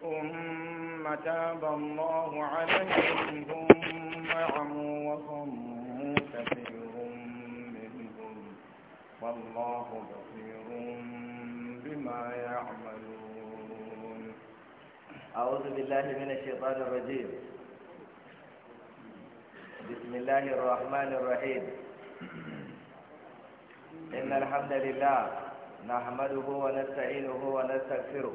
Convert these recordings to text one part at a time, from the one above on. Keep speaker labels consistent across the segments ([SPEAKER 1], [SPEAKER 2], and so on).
[SPEAKER 1] ثم تاب الله عليهم ثم عموا وصموا كثير
[SPEAKER 2] منهم والله بصير بما يعملون أعوذ بالله من الشيطان الرجيم بسم الله الرحمن الرحيم إن الحمد لله نحمده ونستعينه ونستغفره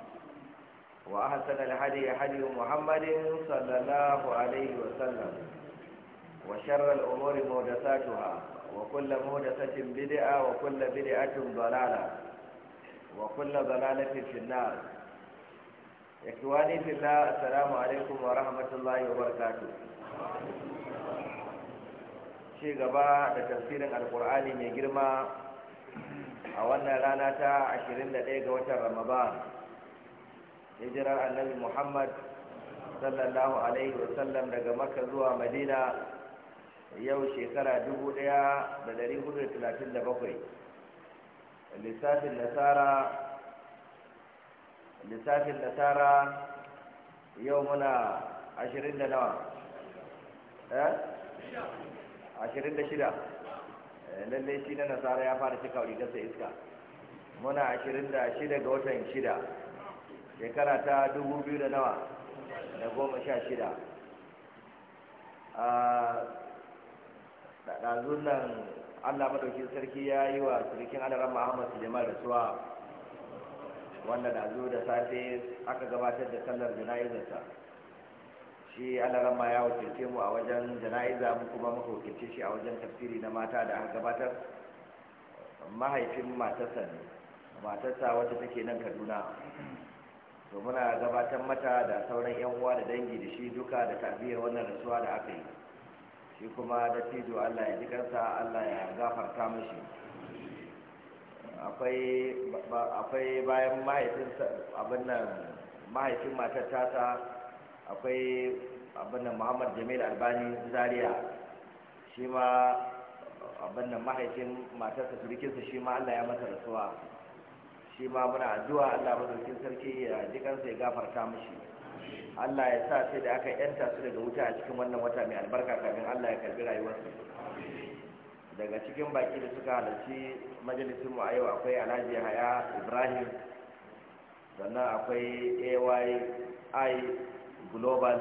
[SPEAKER 2] وأحسن الهدي هدي محمد صلى الله عليه وسلم وشر الأمور مهدساتها وكل مهدسة بدعة وكل بدعة ضلالة وكل ضلالة في النار إخواني في الله السلام عليكم ورحمة الله وبركاته ci gaba da tafsirin alkur'ani mai girma a wannan rana ta 21 ga watan ramadan hijirar annabi muhammad sallallahu alaihi wasallam daga makka zuwa madina yau shekara dubu ɗaya da hudu lissafin nasara lissafin nasara yau muna ashirin da nawa eh 26 da shida eh, lallai shi na nasara ya fara cika rigarsa iska muna ashirin da ga watan shida shekara ta dubu biyu da nawa da goma sha shida a ɗazun nan allah maɗauki sarki ya yi wa sarkin alaran muhammad suleiman suwa wanda zo da safe aka gabatar da sallar jana'izarsa shi alaran ma ya wakilce mu a wajen jana'iza mu kuma muka wakilce shi a wajen tafsiri na mata da aka gabatar mahaifin matarsa ne matarsa wacce take nan kaduna to muna gabatar mata da sauran yan uwa da dangi da shi duka da tabiyar wannan rasuwa da aka yi shi kuma da tijo allah ya ji allah ya gafarta mishi akwai bayan mahaifin abin nan mahaifin matar tata akwai abin nan muhammad jamil albani zaria shi ma abin nan mahaifin matarsa surukinsa shi ma allah ya masa rasuwa shi ma muna addu'a Allah madaukakin sarki ya ji kansa ya gafarta mishi Allah ya sa sai da aka yanta su daga wuta a cikin wannan wata mai albarka kafin Allah ya karbi rayuwarsu daga cikin baki da suka halarci majalisin mu a yau akwai Alhaji Haya Ibrahim sannan akwai AYI Global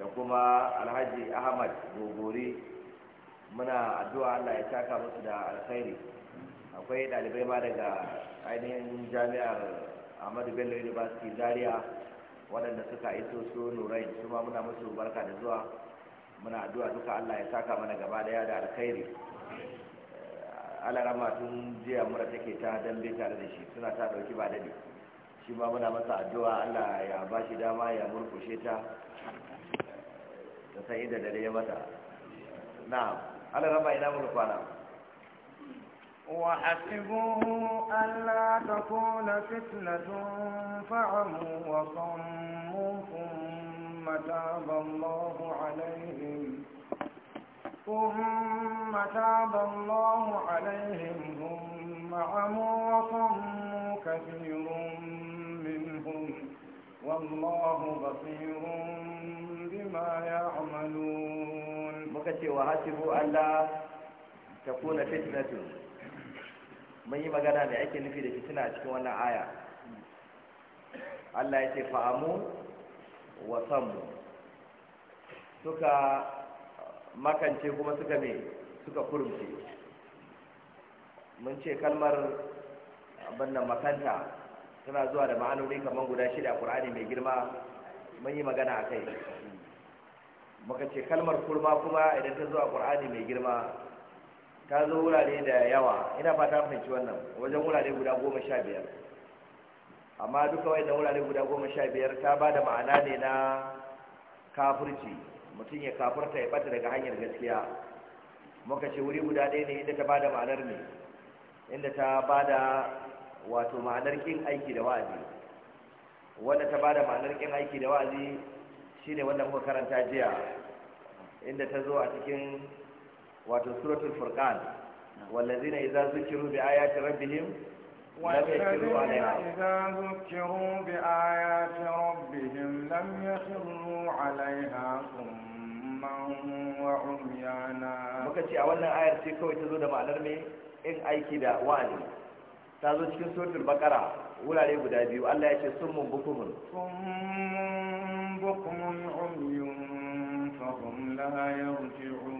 [SPEAKER 2] da kuma Alhaji Ahmad Gogori muna addu'a Allah ya taka musu da alkhairi akwai ɗalibai ma daga ainihin jami'ar ahmadu bello university zaria waɗanda suka iso su nurai su ma muna musu barka da zuwa muna addu'a duka allah ya saka mana gaba daya da alkhairi alarama tun jiya mura take ta dambe tare da shi suna ta ɗauki ba dade shi ma muna masa addu'a allah ya ba shi dama ya murkushe ta ta san inda dare ya mata na alarama ina kwana?
[SPEAKER 1] وحسبوا ألا تكون فتنة فعموا وصموا ثم تاب الله عليهم ثم تاب الله عليهم ثم عموا وصموا كثير منهم والله بصير بما
[SPEAKER 2] يعملون وكتي وحسبوا ألا تكون فتنة mun yi magana mai ake nufi da fitina a cikin wannan aya Allah ya ce fa'amu wa sammu suka makance kuma suka ne suka kurumce mun ce kalmar abinda makanta tana zuwa da ma'anoni kamar guda shida a ƙur'ani mai girma mun yi magana a kai muka ce kalmar kurma kuma idan ta zuwa ƙur'ani mai girma ta zo wurare da yawa ina fata fahimci wannan wajen wurare guda goma sha biyar amma duka wai da wurare guda goma sha biyar ta ba da ma'ana ne na kafurci mutum ya kafurta ya bata daga hanyar gaskiya muka ce wuri guda ɗaya ne inda ta ba da ma'anar ne inda ta ba da wato ma'anar kin aiki da wa'azi wanda ta ba da ma'anar kin aiki da wa'azi shine wanda muka karanta jiya inda ta zo a cikin wato suratul furqan wallazina idza zukiru bi ayati rabbihim والذين إذا ذكروا
[SPEAKER 1] بآيات ربهم لم يخروا عليها صما وعميانا مكتي أولا
[SPEAKER 2] آية تيكو تزود معنى إن أيكي دا kawai ta zo cikin suratul bakara wurare guda biyu Allah ya ce summun bukumun
[SPEAKER 1] summun bukumun umyun
[SPEAKER 2] la yarji'un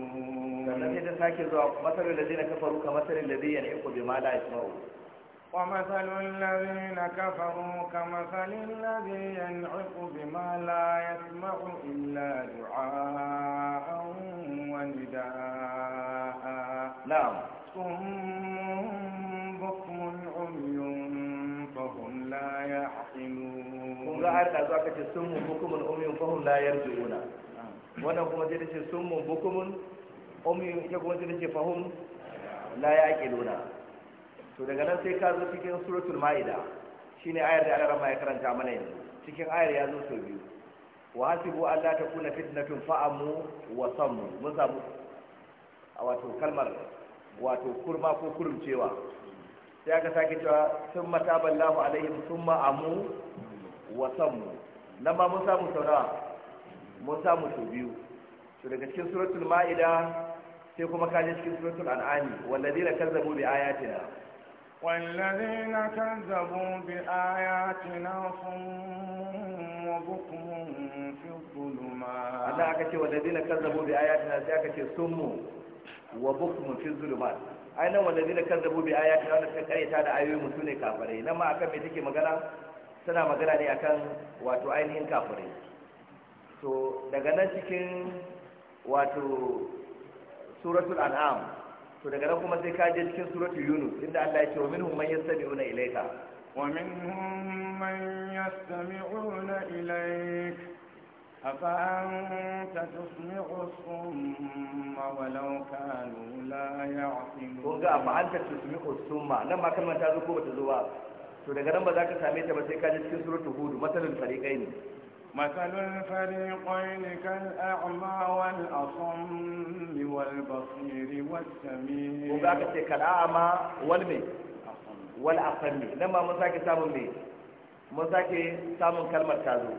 [SPEAKER 2] sannan sai ta sake zuwa masarar da na kafaru ka masarar da yana iko bi ma yana yasma'u
[SPEAKER 1] ومثل الذين كفروا كمثل illa ينعق wani da. Na'am. Sun دعاء ونداء نعم ya بكم عمي فهم لا
[SPEAKER 2] zuwa kace sun أزواجك صم بكم عمي فهم لا يرجعون wannan kuma zai ta ce sun mun bukumun ummi ita kuma sai ce fahim la yaqiluna to daga nan sai ka zo cikin suratul maida shine ayar da Allah ya karanta mana yanzu cikin ayar ya zo sau biyu wa hasibu an la takuna fitnatun fa'amu wa sammu mun samu a wato kalmar wato kurma ko kurumcewa sai aka sake cewa sun mata ballahu alaihim sun ma'amu wa sammu nan ba mun samu sau nawa mun samu sau biyu
[SPEAKER 3] to daga cikin suratul ma'ida sai kuma kaje cikin suratul an'ami walladina kazzabu bi
[SPEAKER 2] ayatina
[SPEAKER 1] والذين كذبوا بآياتنا صم وبكم في الظلمات الله
[SPEAKER 2] أكتي والذين كذبوا بآياتنا سيأكتي kazzabu bi ayatina wanda suka karyata da ayoyi mutune kafirai nan ma akan me take magana tana magana ne akan wato ainihin kafirai to daga nan cikin wato suratul an'am to daga nan kuma sai ka je cikin suratul yunus inda Allah ya ce wa minhum man yastami'una ilayka wa minhum
[SPEAKER 1] man yastami'una ilayk afa anta tusmi'u
[SPEAKER 2] summa walau kanu la ya'qilun ko ga afa anta tusmi'u summa nan ma kalmar ta zo ko bata zo ba to daga nan ba za ka same ta ba sai ka je cikin suratul
[SPEAKER 3] hud matalul fariqain
[SPEAKER 1] مثل الفريقين كالأعمى
[SPEAKER 2] والأصم والبصير والسميع وذاك كالأعمى والمي والأصم لما مساكي سامن مي مساكي
[SPEAKER 3] سامن كلمة كازو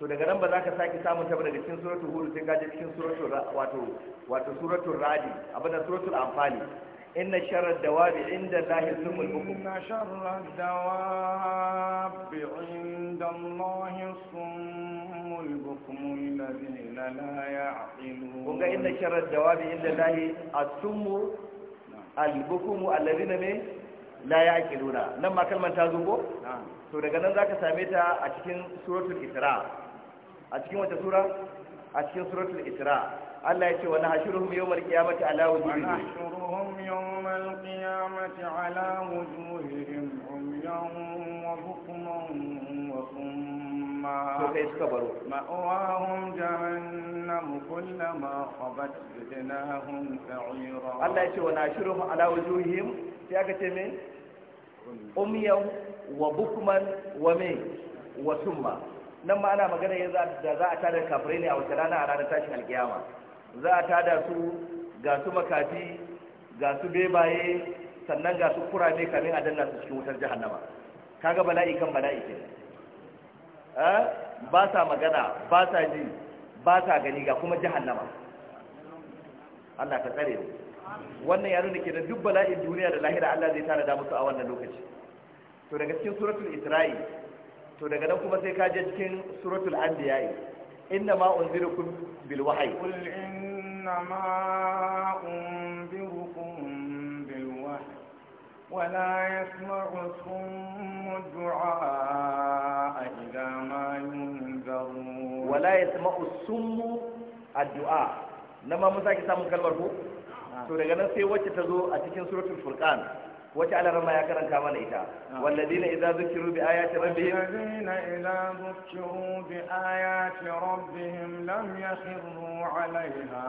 [SPEAKER 3] to daga nan ba za ka sake samun ta daga cikin suratul hud sai ka je cikin suratul wato wato suratul radi abinda suratul amfani. إن شر الدواب عند الله السم البكم إن شر الدواب
[SPEAKER 1] عند الله الصم البكم الذين لا يعقلون
[SPEAKER 2] وقال إن شر الدواب عند الله السم البكم
[SPEAKER 3] الذين من لا يعقلون لما كلمة تازنبو to daga nan zaka same ta a cikin suratul isra a cikin wata sura a cikin suratul isra Allah ya ce wa nahshuruhum yawmal qiyamati ala wujuhihim nahshuruhum
[SPEAKER 1] yawmal qiyamati ala wujuhihim umyan wa bukman wa summa
[SPEAKER 3] to kai suka baro
[SPEAKER 1] ma'awahum jahannam kullama khabat zidnahum sa'ira Allah ya ce wa nahshuruhum ala
[SPEAKER 3] wujuhihim sai aka ce me umyan wa bukman wa me
[SPEAKER 2] wa summa nan ma ana magana yanzu da za a tada kafirai ne a wata rana a ranar tashin alkiyama za a tada su ga su makafi ga su bebaye
[SPEAKER 3] sannan ga su kurame kamin a danna su cikin wutar jahannama kaga bala'i kan bala'i ke eh? ba sa magana ba sa ji ba sa gani ga kuma jahannama Allah ka tsare mu wannan ya nuna ke da duk bala'in duniya da lahira Allah zai tana da musu a wannan lokaci to daga cikin suratul isra'i to daga nan kuma sai ka je cikin suratul anbiya'i inna ma unzirukum bil wahyi
[SPEAKER 1] إنما أنذركم بالوحي ولا يسمع الصم الدعاء
[SPEAKER 3] إذا ما ينذرون ولا يسمع الصم الدعاء لما مزاكي سامو كلمة سورة غنسي nan تزو أتكين سورة الفرقان
[SPEAKER 2] wacce alarama ya karanta mana ita wallazina idza zukiru bi ayati rabbihim wallazina
[SPEAKER 1] idza zukiru bi ayati rabbihim lam yakhiru 'alayha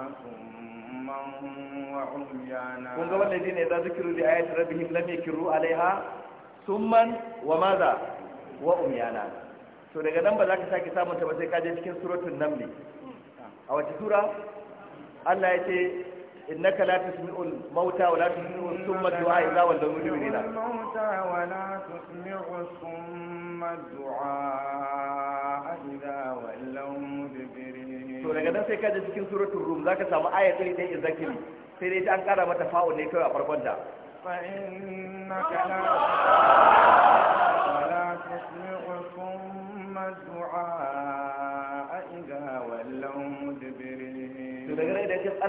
[SPEAKER 1] kun ga wallazina idza zukiru bi ayati rabbihim lam yakhiru 'alayha
[SPEAKER 3] summan wa madha wa umyana to daga nan ba za ka sake samun ta ba sai ka je cikin suratul naml a wace sura Allah ya ce innaka la tusmi'ul mauta wa la tusmi'ul summa du'a idza wallaw mauta
[SPEAKER 1] wa la tusmi'ul summa
[SPEAKER 3] du'a idza wallaw mudbirin to daga nan sai ka je cikin suratul rum zaka samu ayat ɗaya ɗaya zakiri sai dai an kara mata fa'ul ne kawai a farkon ta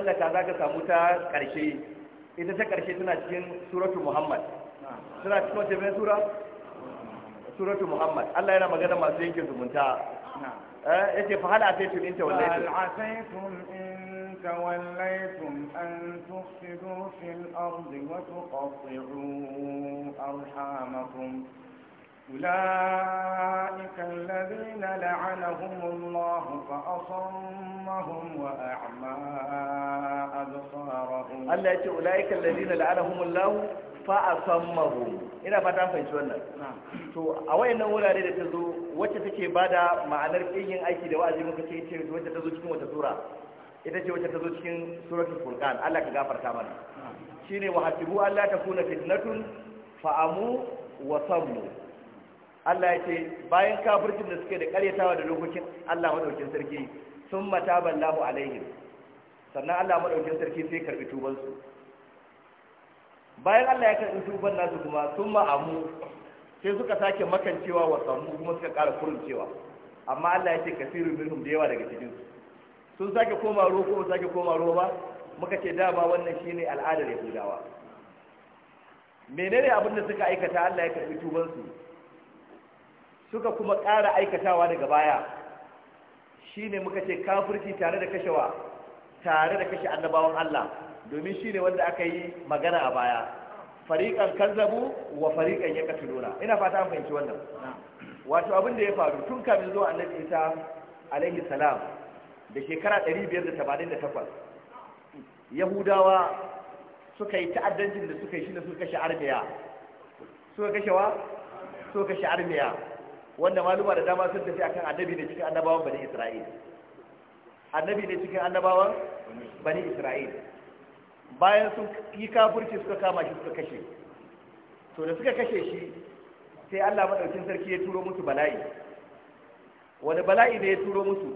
[SPEAKER 3] tsallaka za ka samu ta ƙarshe ita ta ƙarshe tana cikin suratu muhammad suna cikin wata mai sura suratu muhammad allah yana magana masu yankin zumunta ya ce fahala a taitun in tawallaitum
[SPEAKER 1] in tawallaitum an tufsidu fil ardi wa tuqatti'u arhamakum أولئك الذين لعنهم الله فأصمهم وأعمى
[SPEAKER 3] أبصارهم الله يقول أولئك الذين لعنهم الله fa'asammahu ina fata fahimci wannan to a wayannan wurare da ta zo wacce take bada ma'anar kin yin aiki da wa'azi muka ce ce wacce ta zo cikin wata sura ita ce wacce ta zo cikin suratul furqan Allah ka gafarta mana shine wa hasibu alla takuna fitnatun fa'amu wa Allah ya ce bayan kafircin da suke da karyatawa da lokacin Allah maɗaukin sarki sun mataban lahu alaihim sannan Allah maɗaukin sarki sai karɓi tubansu bayan Allah ya karɓi tuban nasu kuma sun ma'amu sai suka sake makancewa wa samu kuma suka ƙara kuruncewa amma Allah ya ce kasiru minhum da yawa daga cikin sun sake koma ruwa ko sake koma ruwa ba muka ce dama wannan shine al'adar yahudawa menene abin da suka aikata Allah ya karɓi tubansu suka kuma ƙara aikatawa daga baya shine muka ce kafirci tare da kashewa tare da kashe annabawan Allah domin shine wanda aka yi magana a baya fariƙan kanzabu wa fariƙan ya katuluna ina fata an fahimci wannan wato abin da ya faru tun kamin zuwa annabi isa alaihi salam da shekara 588 yahudawa suka yi ta'addancin da suka yi ne suka kashe armiya suka kashe wa suka kashe armiya wanda maluma da dama sun tafi akan annabi ne cikin annabawan bani isra'il annabi ne cikin annabawan bani isra'il bayan sun yi kafirci suka kama shi suka kashe to da suka kashe shi sai Allah madaukin sarki ya turo musu bala'i wani bala'i ne ya turo musu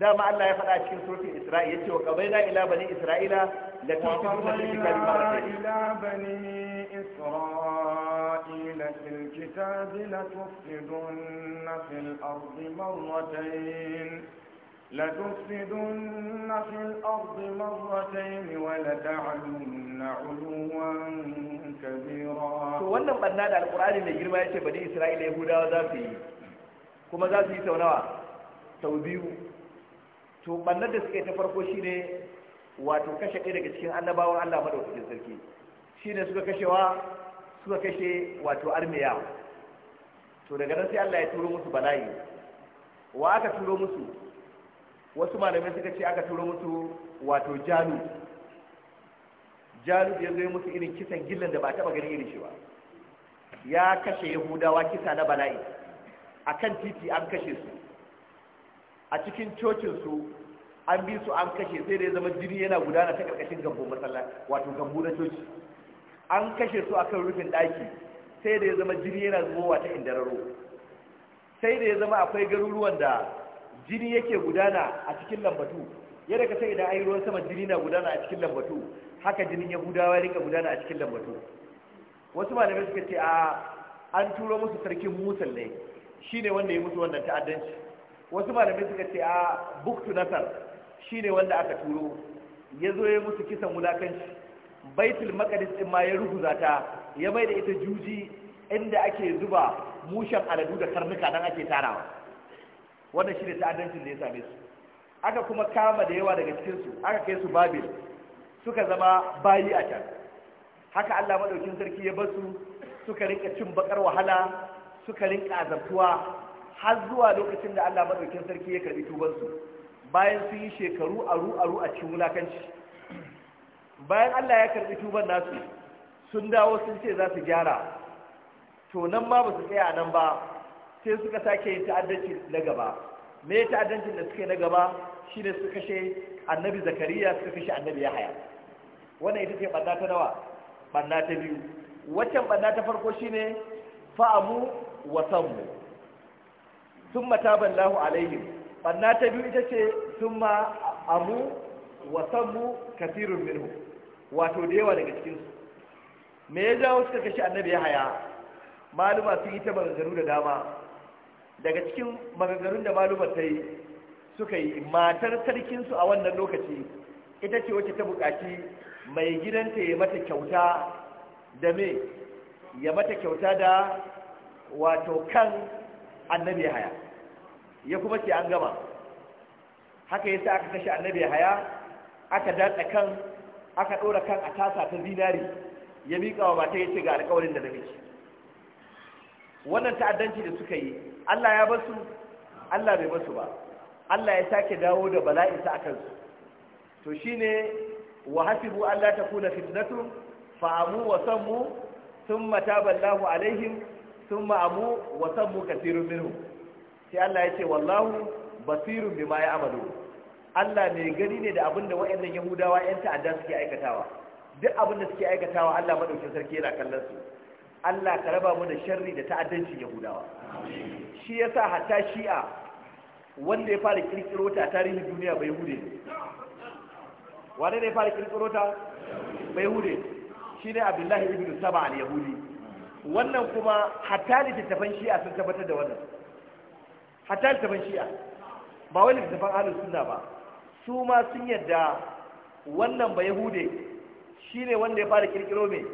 [SPEAKER 3] dama Allah ya faɗa cikin surfin Isra'ila yace wa qabaina ila bani Isra'ila
[SPEAKER 1] la إلى في الكتاب لتفسدن في الأرض مرتين لتفسدن في الأرض مرتين ولتعلن علوا
[SPEAKER 3] كبيرا.
[SPEAKER 1] وأنا قد نادى القرآن اللي
[SPEAKER 3] يجري ويأتي إسرائيل يهودا وذا في كما ذا في to bannar da suka yi ta farko shine wato kashe ɗaya daga cikin annabawan Allah madaukakin sarki shine suka kashewa suka kashe wato armiya to daga nan sai Allah ya turo musu bala'i wa aka turo musu wasu malamai suka ce aka turo musu wato jalu jalu ya zo musu irin kisan gillan da ba taɓa gani irin shi ba ya kashe yahudawa kisa na bala'i akan titi an kashe su a cikin cocinsu an bi su an kashe sai da ya zama jini yana gudana ta karkashin gambo masalla wato gambo na coci an kashe su akan rufin daki sai da ya zama jini yana zuwa ta indararo sai da ya zama akwai garuruwan da jini yake gudana a cikin lambatu yadda ka sai idan ayi ruwan sama jini na gudana a cikin lambatu haka jinin ya gudawa ya rika gudana a cikin lambatu wasu malamai suka ce a an turo musu sarkin musul ne shine wanda ya mutu wannan ta'addanci wasu malamai suka ce a buktu nasar shine wanda aka turo ya zo ya musu kisan wulakanci baitul maqdis din ma ya ruguza ta ya mai da ita juji inda ake zuba mushen aladu da karnuka nan ake tarawa wannan shine ta'addancin da ya same su aka kuma kama da yawa daga cikin su aka kai su babil suka zama bayi a can haka Allah madaukin sarki ya basu suka rinka cin bakar wahala suka rinka azabtuwa har zuwa lokacin da Allah madaukakin sarki ya karbi tubansu bayan sun yi shekaru aru aru a cikin wulakanci bayan Allah ya karbi tuban nasu sun dawo sun ce za su gyara to nan ma ba su tsaya nan ba sai suka sake yin ta'addanci na gaba me ta'addancin da suke na gaba shine suka kashe annabi zakariya suka kashe annabi yahaya wannan ita ce banna ta nawa banna ta biyu waccan banna ta farko shine fa'amu wa sammu sun mataban lahu alaihim banna ta biyu ita ce sun ma amu wa kafirun minhu wato da yawa daga cikinsu me ya jawo suka kashe annabi ya haya maluma sun yi ta magagaru da dama daga cikin magagarun da maluma ta yi suka yi matar sarkinsu a wannan lokaci ita ce wacce ta buƙaci mai gidanta ya mata kyauta da me ya mata kyauta da wato kan annabi haya ya kuma ce an gama haka yasa aka kashe annabi haya aka datsa kan aka ɗora kan a tasa ta zinari ya miƙa wa mata ya ce ga alƙawarin da na wannan ta'addanci da suka yi Allah ya basu Allah bai basu ba Allah ya sake dawo da bala'insa akan su to shine wa hasibu alla takuna fitnatun fa'amu wa sammu thumma taballahu alaihim sun ma'amu wa sammu kasirun minhu sai Allah ya ce wallahu basirun bima ya amalu Allah mai gani ne da abinda waɗannan Yahudawa 'yan ta'adda suke aikatawa duk abinda suke aikatawa Allah madaukin sarki yana kallon su Allah ka raba mu da sharri da ta'addancin Yahudawa shi yasa hatta Shi'a wanda ya fara kirkiro ta tarihin duniya bai hude wane ne ya fara kirkiro ta bai hude Shi ne Abdullahi ibn Saba al-Yahudi wannan kuma hatta littattafan shi'a sun tabbatar da wannan hatta littattafan shi'a ba wani littattafan halin suna ba su ma sun yadda wannan ba yahude ne wanda ya fara kirkiro mai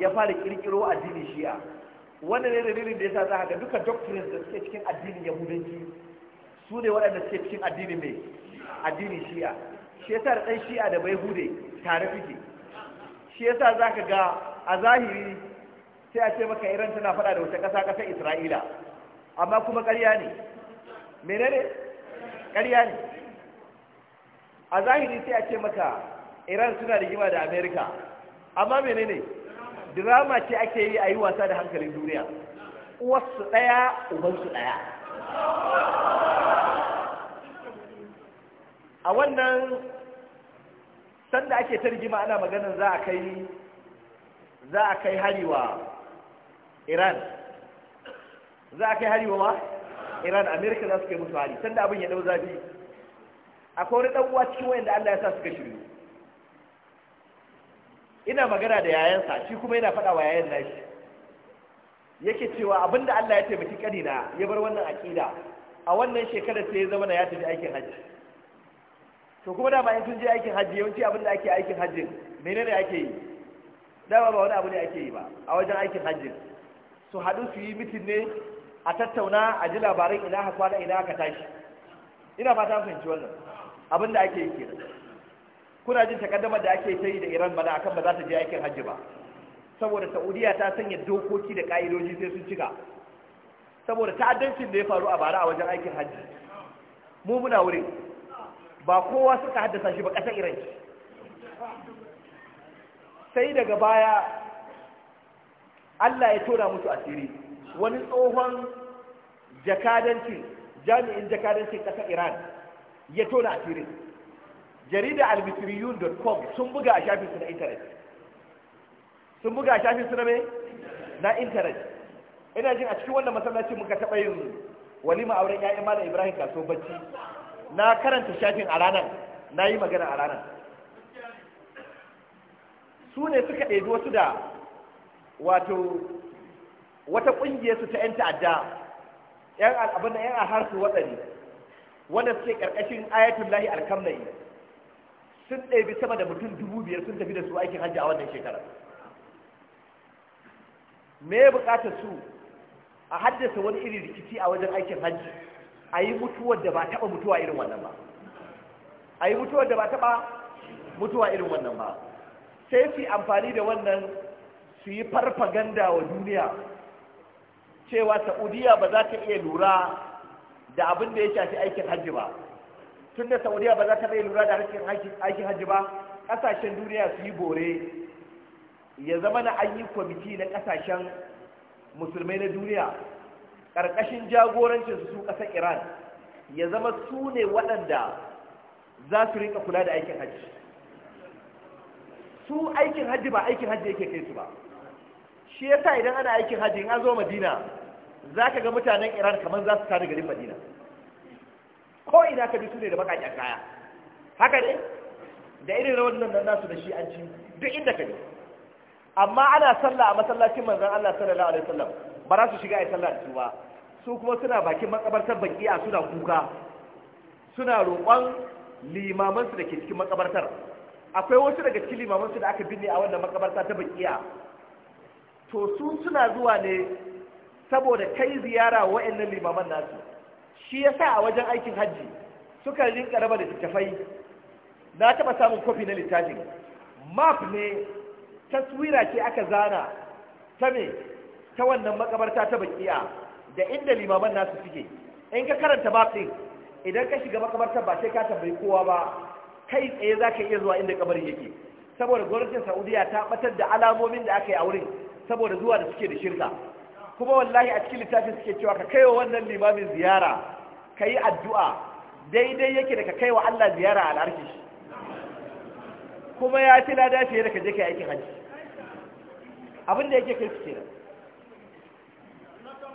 [SPEAKER 3] ya fara kirkiro addinin shi'a wannan ne dalilin da ya sa za ka ga duka doctrines da suke cikin addinin yahudanci su ne waɗanda suke cikin addinin mai addinin shi'a shi yasa da ɗan shi'a da bai hude tare fiki shi yasa za ka ga a zahiri sai a ce maka iran tana fada da wata ƙasa ƙasar isra'ila amma kuma ƙarya ne menene ƙarya ne a zahiri sai a ce maka iran suna rigima da amerika amma menene drama ce ake yi a yi wasa da hankalin duniya uwarsu ɗaya ubansu ɗaya a wannan sanda ake ta rigima ana maganin za a kai za a kai wa. iran za a kai hari wa iran amerika za su kai musu hari tunda abin ya dau zafi akwai wani dan uwa cikin da Allah ya sa suka shiru ina magana da yayansa shi kuma yana faɗa wa yayan nashi yake cewa abinda Allah ya taimaki na ya bar wannan aƙida a wannan shekarar sai ya zama na ya tafi aikin hajji to kuma dama in sun je aikin hajji yawanci abinda ake aikin hajjin menene ake yi dama ba wani abu ne ake yi ba a wajen aikin hajjin su haɗu su yi mitin ne a tattauna a ji labaran ina haka kwana ina haka tashi ina fata fahimci wannan abin da ake yi kuna jin takaddamar da ake ta yi da iran bana akan ba za ta je aikin hajji ba saboda saudiya ta sanya dokoki da ka'idoji sai sun cika saboda ta'addancin da ya faru a bara a wajen aikin hajji mu muna wurin ba kowa suka haddasa shi ba ƙasar iran sai daga baya Allah ya tona musu asiri wani tsohon jakadancin jami'in jakadancin ƙasar Iran ya tona asiri jarida albitriyun.com sun buga a shafin su na intanet sun buga a shafin su na mai na intanet ina jin a cikin wannan masallaci muka taɓa yin walima auren ya'yan malam Ibrahim kaso bacci na karanta shafin a ranar na yi magana a ranar su ne suka ɗebi wasu da wato wata ƙungiyar su ta 'yan ta'adda 'yan abin da 'yan a harsu watsari wanda suke ƙarƙashin ayatul lahi alkamnai sun ɗabi sama da mutum dubu biyar sun tafi da su aikin hajji a wannan shekarar me ya buƙatar su a haddasa wani irin rikici a wajen aikin hajji a yi mutuwar da ba taɓa mutuwa irin wannan ba a yi mutuwar da ba taɓa mutuwa irin wannan ba sai su amfani da wannan su yi farfaganda wa duniya cewa saudiya ba za ta iya lura da abin da ya shafi aikin hajji ba tun da saudiya ba za ta iya lura da aikin hajji ba ƙasashen duniya su yi bore ya zama na an yi kwamiti na kasashen musulmai na duniya ƙarƙashin jagorancin su ƙasar iran ya zama su ne waɗanda za su rika kula da aikin hajji su aikin hajji ba aikin hajji yake kai su ba shi yasa idan ana aikin hajji in an zo madina za ka ga mutanen iran kamar za su tare garin madina ko ina ka bi su ne da bakaƙen kaya haka ne da irin rawar nan nasu da shi an ci duk inda ka bi amma ana sallah a masallacin manzon Allah sallallahu alaihi wasallam ba za su shiga ai sallah da su ba su kuma suna bakin makabartar a suna kuka suna roƙon limamansu da ke cikin makabartar akwai wasu daga cikin limamansu da aka binne a wannan makabarta ta baki to su suna zuwa ne saboda kai ziyara waɗannan limaman nasu shi ya sa a wajen aikin hajji suka rinka raba littattafai na taɓa samun kofi na littafin map ne taswira ce aka zana ta me ta wannan makabarta ta bakiya da inda limaman nasu suke in ka karanta map ɗin idan ka shiga makabartar ba sai ka tambayi kowa ba kai tsaye za ka iya zuwa inda kamar yake saboda gwamnatin Saudiyya ta batar da alamomin da aka yi a wurin saboda zuwa da suke da shirka kuma wallahi a cikin littafin suke cewa ka kaiwa wannan limamin ziyara ka yi addu'a daidai yake da ka kaiwa Allah ziyara a al'arki kuma ya fi lada fiye da ka je ka yi aikin hajji abin da yake kai su kenan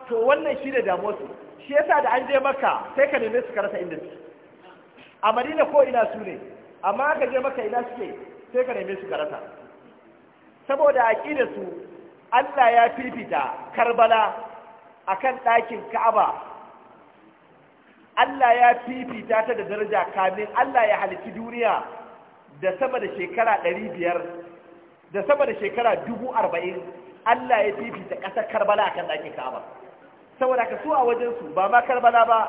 [SPEAKER 3] to wannan shi da damuwa su shi yasa da an je maka sai ka neme su ka rasa inda su a madina ko ina su ne amma ka je maka ina suke sai ka neme su ka rasa saboda aƙidar su Allah ya fifita Karbala a kan ɗakin Ka'aba Allah ya fifita ta da daraja kamin Allah ya halici duniya da sama da shekara ɗari biyar da sama da shekara dubu arba'in Allah ya fifita ƙasar Karbala akan ɗakin Ka'aba saboda ka so a wajensu ba ma Karbala ba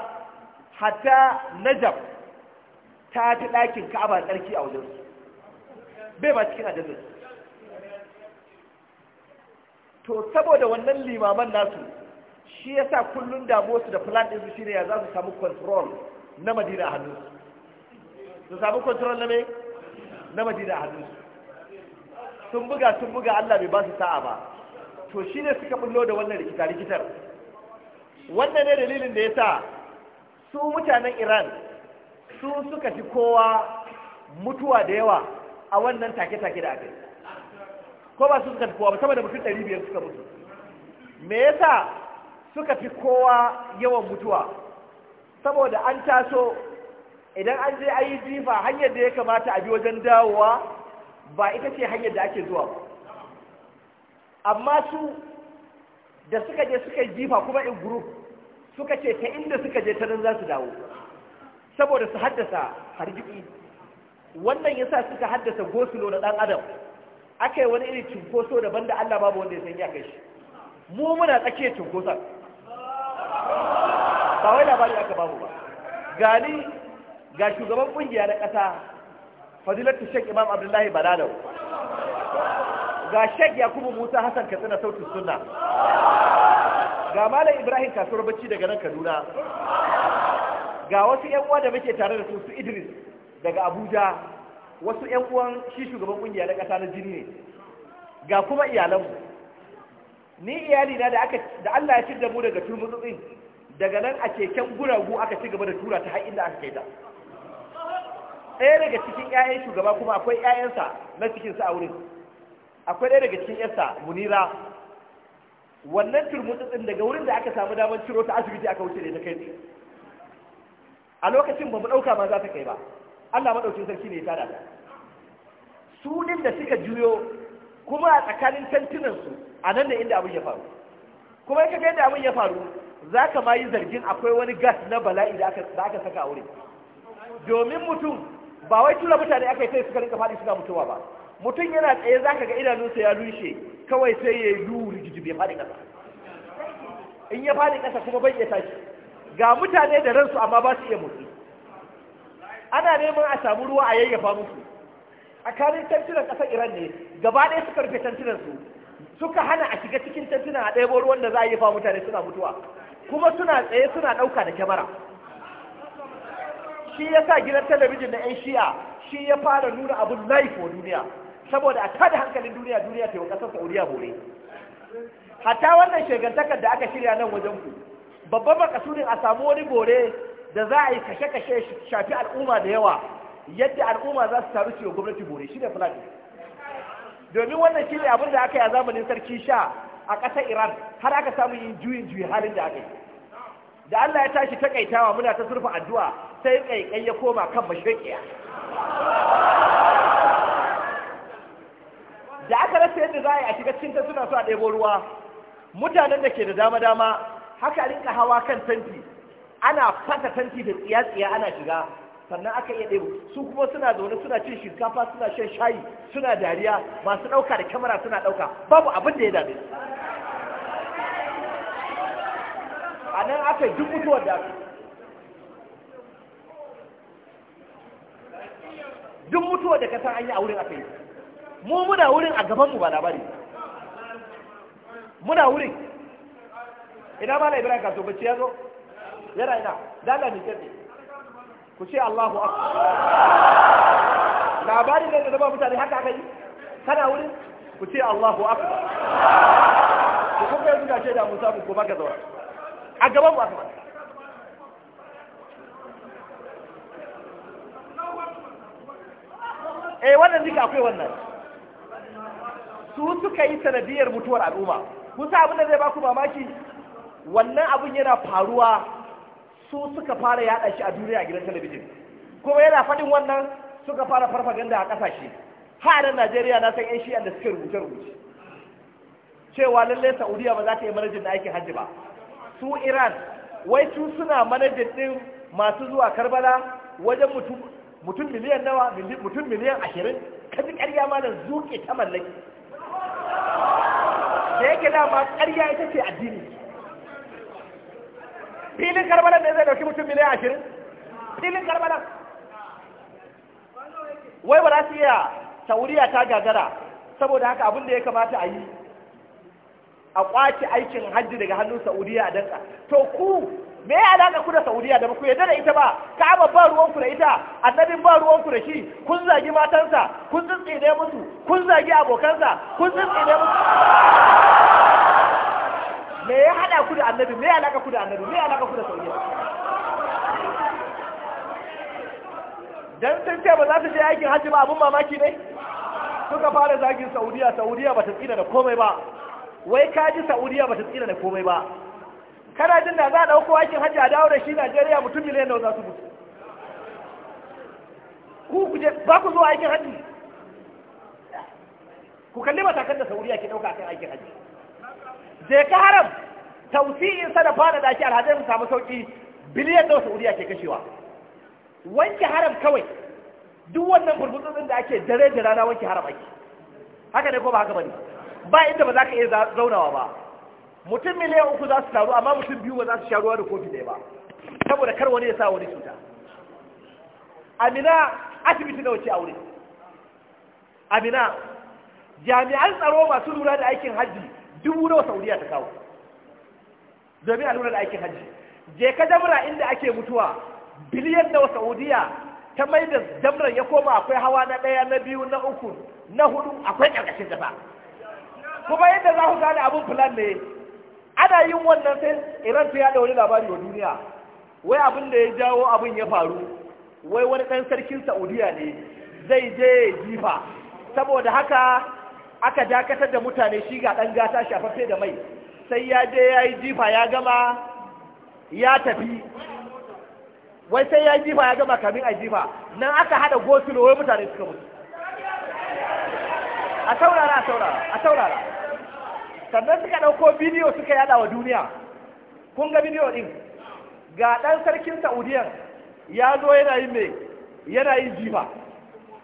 [SPEAKER 3] hatta Najaf ta fi ɗakin Ka'aba tsarki a wajensu
[SPEAKER 4] bai ba cikin ajazinsu
[SPEAKER 3] to saboda wannan limaman nasu shi yasa kullun damuwarsu da plan ɗin su ne ya za su samu control na madina a hannunsu su samu control na me na madina a hannunsu sun buga sun buga Allah bai ba su sa'a ba to shi ne suka bullo da wannan rikita rikitar wannan ne dalilin da ya sa su mutanen Iran su suka fi kowa mutuwa da yawa a wannan take-take da aka yi ko ba su suka fi kowa ba sama da mutum ɗari biyar suka mutu me yasa suka fi kowa yawan mutuwa saboda an taso idan an je ayi jifa hanyar da ya kamata a bi wajen dawowa ba ita ce hanyar da ake zuwa ba amma su da suka je suka jifa kuma in group suka ce ta inda suka je ta nan za su dawo saboda su haddasa hargitsi wannan yasa suka haddasa gosulo na ɗan adam aka yi wani iri cunkoso daban da Allah babu wanda ya san ya kai shi mu muna tsake cunkoson
[SPEAKER 4] ba wai labari aka babu ba
[SPEAKER 3] gani ga shugaban kungiya na ƙasa fadilatu shek imam abdullahi balalau ga shek yakubu musa hassan katsina sautin sunna ga malam ibrahim kasuwar bacci daga nan kaduna ga wasu yan uwa da muke tare da su su idris daga abuja wasu yan uwan shi shugaban kungiya na kasa na jini ne ga kuma iyalanmu ni iyali na da Allah ya cidda mu daga turmutsutsin daga nan a keken guragu aka ci gaba da tura ta har inda aka kai ta ɗaya daga cikin ƴaƴan shugaba kuma akwai 'ya'yansa na cikin sa a wurin akwai ɗaya daga cikin ƴarsa munira wannan turmutsutsin daga wurin da aka samu damar ciro ta asibiti aka wuce da ta kai a lokacin ba mu ɗauka ma za ta kai ba Allah madaukin sarki ne ya tada ta su ɗin da suka juyo kuma a tsakanin tantunan su a nan da inda abin ya faru kuma kaga yadda abin ya faru ka ma yi zargin akwai wani gas na bala'i da aka saka a wurin domin mutum ba wai tura mutane aka yi sai suka rinka faɗi suna mutuwa ba mutum yana tsaye za ka ga idanunsa ya rushe kawai sai ya yi duhu rigiji ya faɗi ƙasa in ya faɗi ƙasa kuma bai iya tashi ga mutane da ransu amma ba su iya motsi ana neman a samu ruwa a yayyafa musu a kanin tantunan ƙasar iran ne gaba ɗaya suka rufe tantunan suka hana a shiga cikin tantuna a ɗaya ruwan da za a yi fa mutane suna mutuwa kuma suna tsaye suna ɗauka da kyamara shi ya sa gidan talabijin na 'yan shi'a shi ya fara nuna abin laif duniya saboda a kada hankalin duniya duniya ta yi wa ƙasar saudiya bore hatta wannan shegantakar da aka shirya nan wajen ku babban makasudin a samu wani bore da za a yi kashe-kashe shafi al'umma da yawa yadda al'umma za su taru ce gwamnati bore shi ne fulani domin wannan shi ne abin da aka yi a zamanin sarki sha a ƙasar iran har aka samu yin juyin juyi halin da aka yi da allah ya tashi ta takaitawa muna ta surfa addu'a sai kaikai ya koma kan mashirƙiya da aka rasa yadda za a yi a shiga cinta suna so a ɗebo ruwa mutanen da ke da dama-dama haka rinka hawa kan tanti ana fasa tanti da tsiya-tsiya ana shiga sannan aka iya ɗebo su kuma suna zaune suna cin shinkafa suna shan shayi suna dariya masu ɗauka da kyamara suna ɗauka babu abin da ya dame su a nan aka duk mutuwar da duk mutuwar da kasan an yi a wurin aka yi mu muna wurin a gabanmu ba labari muna wurin ina ba na ibrahim kaso bacci ya zo yana ina dala ne kirɗe ku ce Allahu akbar labari ne da ba mutane haka aka yi kana wurin ku ce Allahu akbar ku kuma yanzu ce shaida mun samu ko baka zaura a gaban mu akbar
[SPEAKER 4] eh wannan duka akwai wannan
[SPEAKER 3] su suka yi sanadiyar mutuwar al'umma kusa abin da zai baku mamaki wannan abin yana faruwa su suka fara yaɗa shi a duniya a gidan talabijin kuma yana faɗin wannan suka fara farfaganda a ƙasashe har nan Najeriya na san 'yan shi da suke rubuce-rubuce cewa lalle Saudiya ba za ta yi manajin da aikin hajji ba su Iran wai su suna manajin ɗin masu zuwa Karbala wajen mutum miliyan nawa mutum miliyan ashirin kaji ƙarya ma da zuƙe ta mallaki da yake dama ƙarya ita ce addini filin karbala ne zai dauki mutum miliyan ashirin filin karbala wai ba za su iya sauriya ta gagara saboda haka abin da ya kamata a yi a kwace aikin hajji daga hannun sauriya a danka to ku me ya alaka ku da sauriya da ku yadda da ita ba Ka ba ruwanku da ita annabin ba ruwanku da shi kun zagi matansa kun tsitsine musu kun zagi abokansa kun tsitsine musu me ya hada ku da annabi me ya alaka ku da annabi me ya alaka ku da sauye dan sun ce ba za su je aikin hajji ba abun mamaki ne suka fara zagin saudiya saudiya ba ta tsina da komai ba wai ka ji saudiya ba ta tsina da komai ba kana jin da za a dauko aikin hajji a dawo da shi najeriya mutum miliyan da za su mutu ku kuje ba ku zo aikin hajji ku kalli matakan da saudiya ke dauka kan aikin hajji zai ka haram tausiyin sa da fada da shi alhazai mu samu sauki biliyan da saudiya ke kashewa wanke haram kawai duk wannan burbutsutsun da ake dare da rana wanke haram ake haka ne ko ba haka bane ba inda ba za ka iya zaunawa ba mutum miliyan uku za su taru amma mutum biyu ba za su sha ruwa da kofi ɗaya ba saboda kar wani ya sa wani cuta amina asibiti nawa ce a wuri? amina jami'an tsaro masu lura da aikin hajji dubu nawa saudiya ta kawo domin a nuna da aikin hajji je ka jamra inda ake mutuwa biliyan nawa saudiya ta mai da jamran ya koma akwai hawa na ɗaya na biyu na uku na hudu akwai ƙarƙashin ƙasa kuma yadda za ku gane abin fulan ne ana yin wannan sai iran ta yada wani labari wa duniya wai abin da ya jawo abin ya faru wai wani ɗan sarkin saudiya ne zai je jifa saboda haka aka dakatar da mutane shi ga ɗan gata shafaffe da mai sai ya je ya yi jifa ya gama ya tafi wai sai ya yi jifa ya gama kamin a jifa nan aka haɗa gosulo wai mutane suka mutu a saurara a saurara a saurara sannan suka ɗauko bidiyo suka yada wa duniya kun ga bidiyo ɗin ga ɗan sarkin saudiyan ya zo yana yin mai yana yin jifa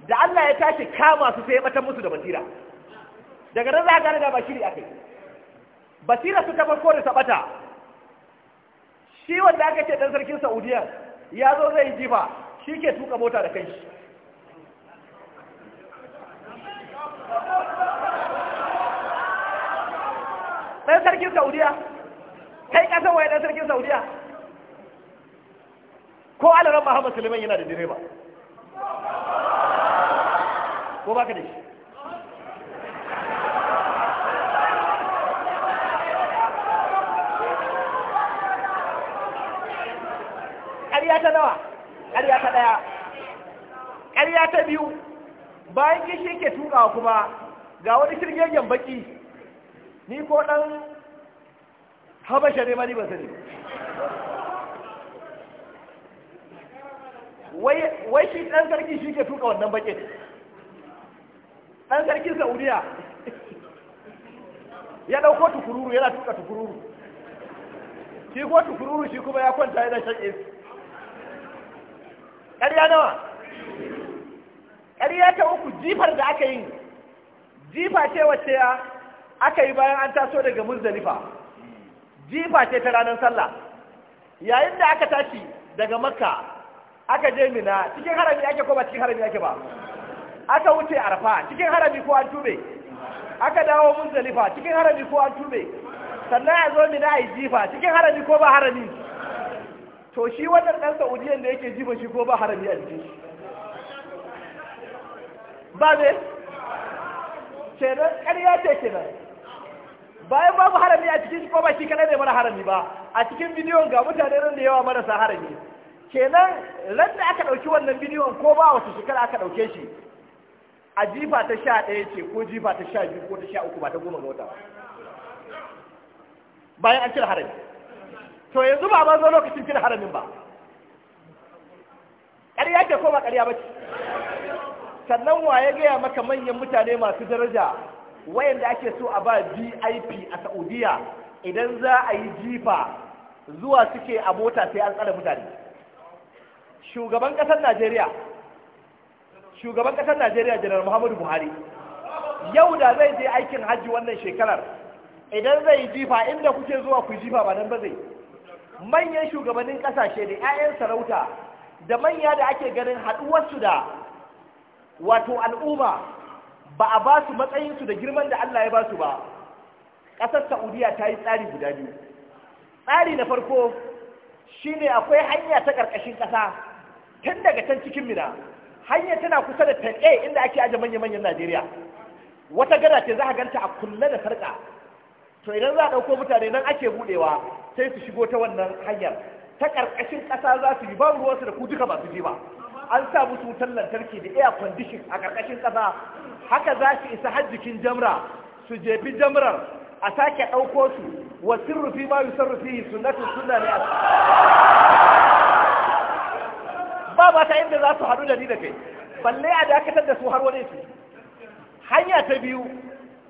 [SPEAKER 3] da allah ya tashi kama su sai ya ɓatar musu da basira daga nan za gane da bashiri akai basira su ta farko da tabata shi wanda aka ce dan sarkin saudiya ya zo zai jifa shi ke tuka mota da kanshi dan sarkin saudiya kai kasan waye dan sarkin saudiya ko alaran muhammad suleiman yana da direba ko baka da shi ƙarya ta nawa ƙarya ta ɗaya ƙarya ta biyu bayan kishi ke tuka kuma ga wani shirgegen baki ni ko ɗan habasha ne mani ba sani wai shi ɗan sarki shi ke tuka wannan bakin ɗan sarki saudiya ya ɗauko tukururu yana tuka tukururu shi ko tukururu shi kuma ya kwanta yana shan ƙarya nawa ƙarya ta uku jifar da aka yi jifa ce wacce ya aka yi bayan an taso daga muzdalifa jifa ce ta ranar sallah yayin da aka tashi daga makka aka je mina cikin harami ake ko ba cikin harami ake ba aka wuce arfa cikin harami ko an tube aka dawo muzdalifa cikin harami ko an tube sannan ya zo mina a yi jifa cikin harami ko ba harami to shi wannan ɗan saudiyan da yake jiba shi ko ba harami a jikin shi ba ne kenan ƙarya ce kenan bayan babu harami a cikin shi ko ba shi kaɗai ne mana harami ba a cikin bidiyon ga mutane nan da yawa marasa harami kenan ran da aka ɗauki wannan bidiyon ko ba wasu shekara aka ɗauke shi a jifa ta sha ɗaya ce ko jifa ta sha biyu ko ta sha uku ba ta goma ga wata bayan an cire harami to yanzu ba ba zo lokacin cin haramin ba ƙarya ce ko ba ƙarya ba ce sannan wa ya gaya maka manyan mutane masu daraja wayanda ake so a ba vip a saudiya idan za a yi jifa zuwa suke a mota sai an tsara mutane shugaban ƙasar najeriya shugaban ƙasar najeriya janar muhammadu buhari yau da zai je aikin hajji wannan shekarar idan zai jifa inda kuke zuwa ku jifa ba nan ba zai manyan shugabannin kasashe da 'ya'yan sarauta da manya da ake ganin haɗuwarsu da wato al'umma ba a ba su matsayinsu da girman da Allah ya ba su ba ƙasar saudiya ta yi tsari guda biyu tsari na farko shine akwai hanya ta ƙarƙashin ƙasa tun daga can cikin mina hanya tana kusa da tan'e inda ake aje manya-manyan najeriya wata gada ce za a ganta a kulle da sarƙa to idan za a ɗauko mutane nan ake buɗewa sai su shigo ta wannan hanyar ta ƙarƙashin ƙasa za su yi ba su da ku duka ba su ba an sa musu wutar lantarki da air condition a ƙarƙashin ƙasa haka za su isa hajjikin jamra su jefi jamrar a sake ɗauko su wa sirrufi ma yi sarrufi sunnatu suna ne a ba ba ta inda za su haɗu da ni da kai balle a dakatar da su har wani su hanya ta biyu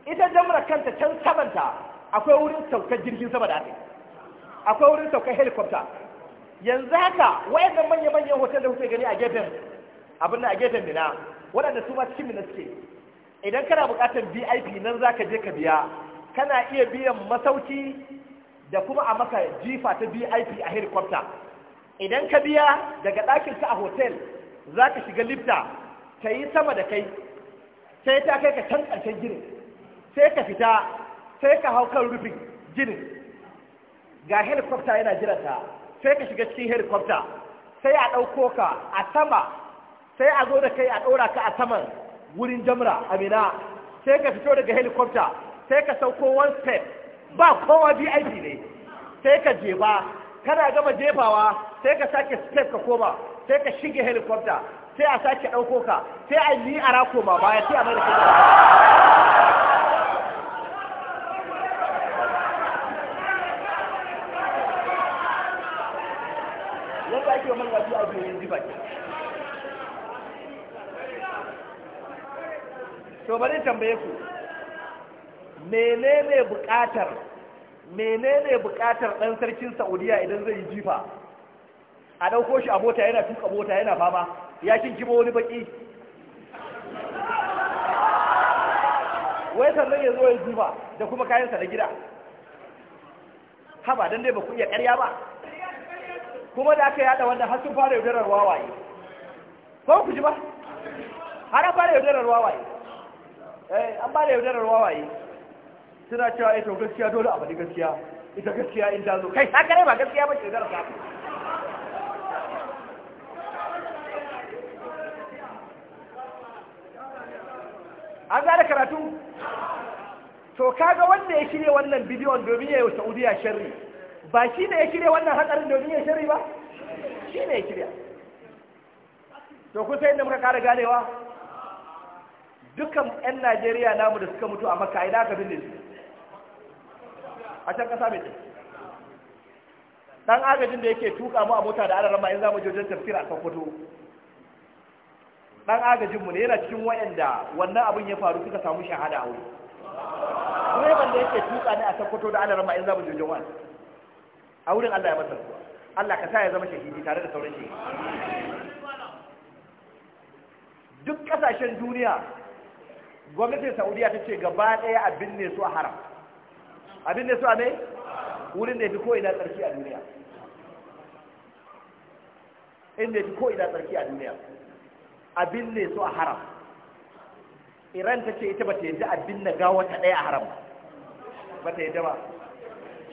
[SPEAKER 3] ita jamrar kanta can samanta akwai wurin saukar jirgin sama da ake akwai wurin saukar helikopta. yanzu haka wayannan manya manyan hotel da kuke gani a gefen abin a gefen mina waɗanda su ma cikin mina suke idan kana buƙatar VIP nan za ka je ka biya kana iya biyan masauki da kuma a maka jifa ta VIP a helikopta. idan ka biya daga ɗakin ka a hotel za ka shiga lifta ta yi sama da kai sai ta kai ka can ƙarshen ginin sai ka fita sai ka hau kan rufin gini ga helikopta yana jiranta sai ka shiga cikin helikopta sai a ɗauko ka a sama sai a zo da kai a ɗora ka a saman wurin jamra amina sai ka fito daga helikopta sai ka sauko one step ba kowa vip ne sai ka jefa kana gama jefawa sai ka sake step ka koma sai ka shiga helikopta sai a sake ɗauko ka sai a yi a rako baya sai a mai da ce man wasu a
[SPEAKER 4] to bari tambaye ku
[SPEAKER 3] menene bukatar menene bukatar dan sarkin saudiya idan zai yi jifa a dauko shi a mota yana tuka mota yana fama ya kin kibo wani baki wai san ya zo ya jifa da kuma kayansa na gida haba don dai ba ku iya karya ba kuma da aka yada wannan har sun fara yaudarar wawaye ko ku ji ba har an fara yaudarar wawaye eh an fara yaudarar wawaye suna cewa ita eh, gaskiya dole a faɗi gaskiya ita gaskiya in ta zo kai ta kare ba gaskiya ba ce zarasa an gane karatu to kaga wanda ya shirya wannan bidiyon domin ya yi wa saudiya sharri ba shi ne ya shirya wannan hatsarin domin ya shirya ba shi ne ya shirya
[SPEAKER 4] to kusa yadda muka kara ganewa
[SPEAKER 3] dukkan 'yan najeriya namu da suka mutu a makka ina ka bin su a can kasa mai dan agajin da yake tuka mu a mota da alaran ma in za mu je wajen a sokoto dan agajinmu ne yana cikin wayanda wannan abin ya faru suka samu shahada a wuri direban da yake tuka ne a sokoto da alaran ma in za mu wani a wurin Allah ya masa rasuwa Allah ka sa ya zama shahidi tare da sauran shahidi duk kasashen duniya gwamnatin saudiya ta ce gaba ɗaya abin ne su a haram abin ne su a mai wurin da ya fi ko'ina tsarki a duniya inda ya fi ko'ina tsarki a duniya abin ne su a haram iran ta ce ita ba ta yadda abin na gawa ta ɗaya a haram ba ta yadda ba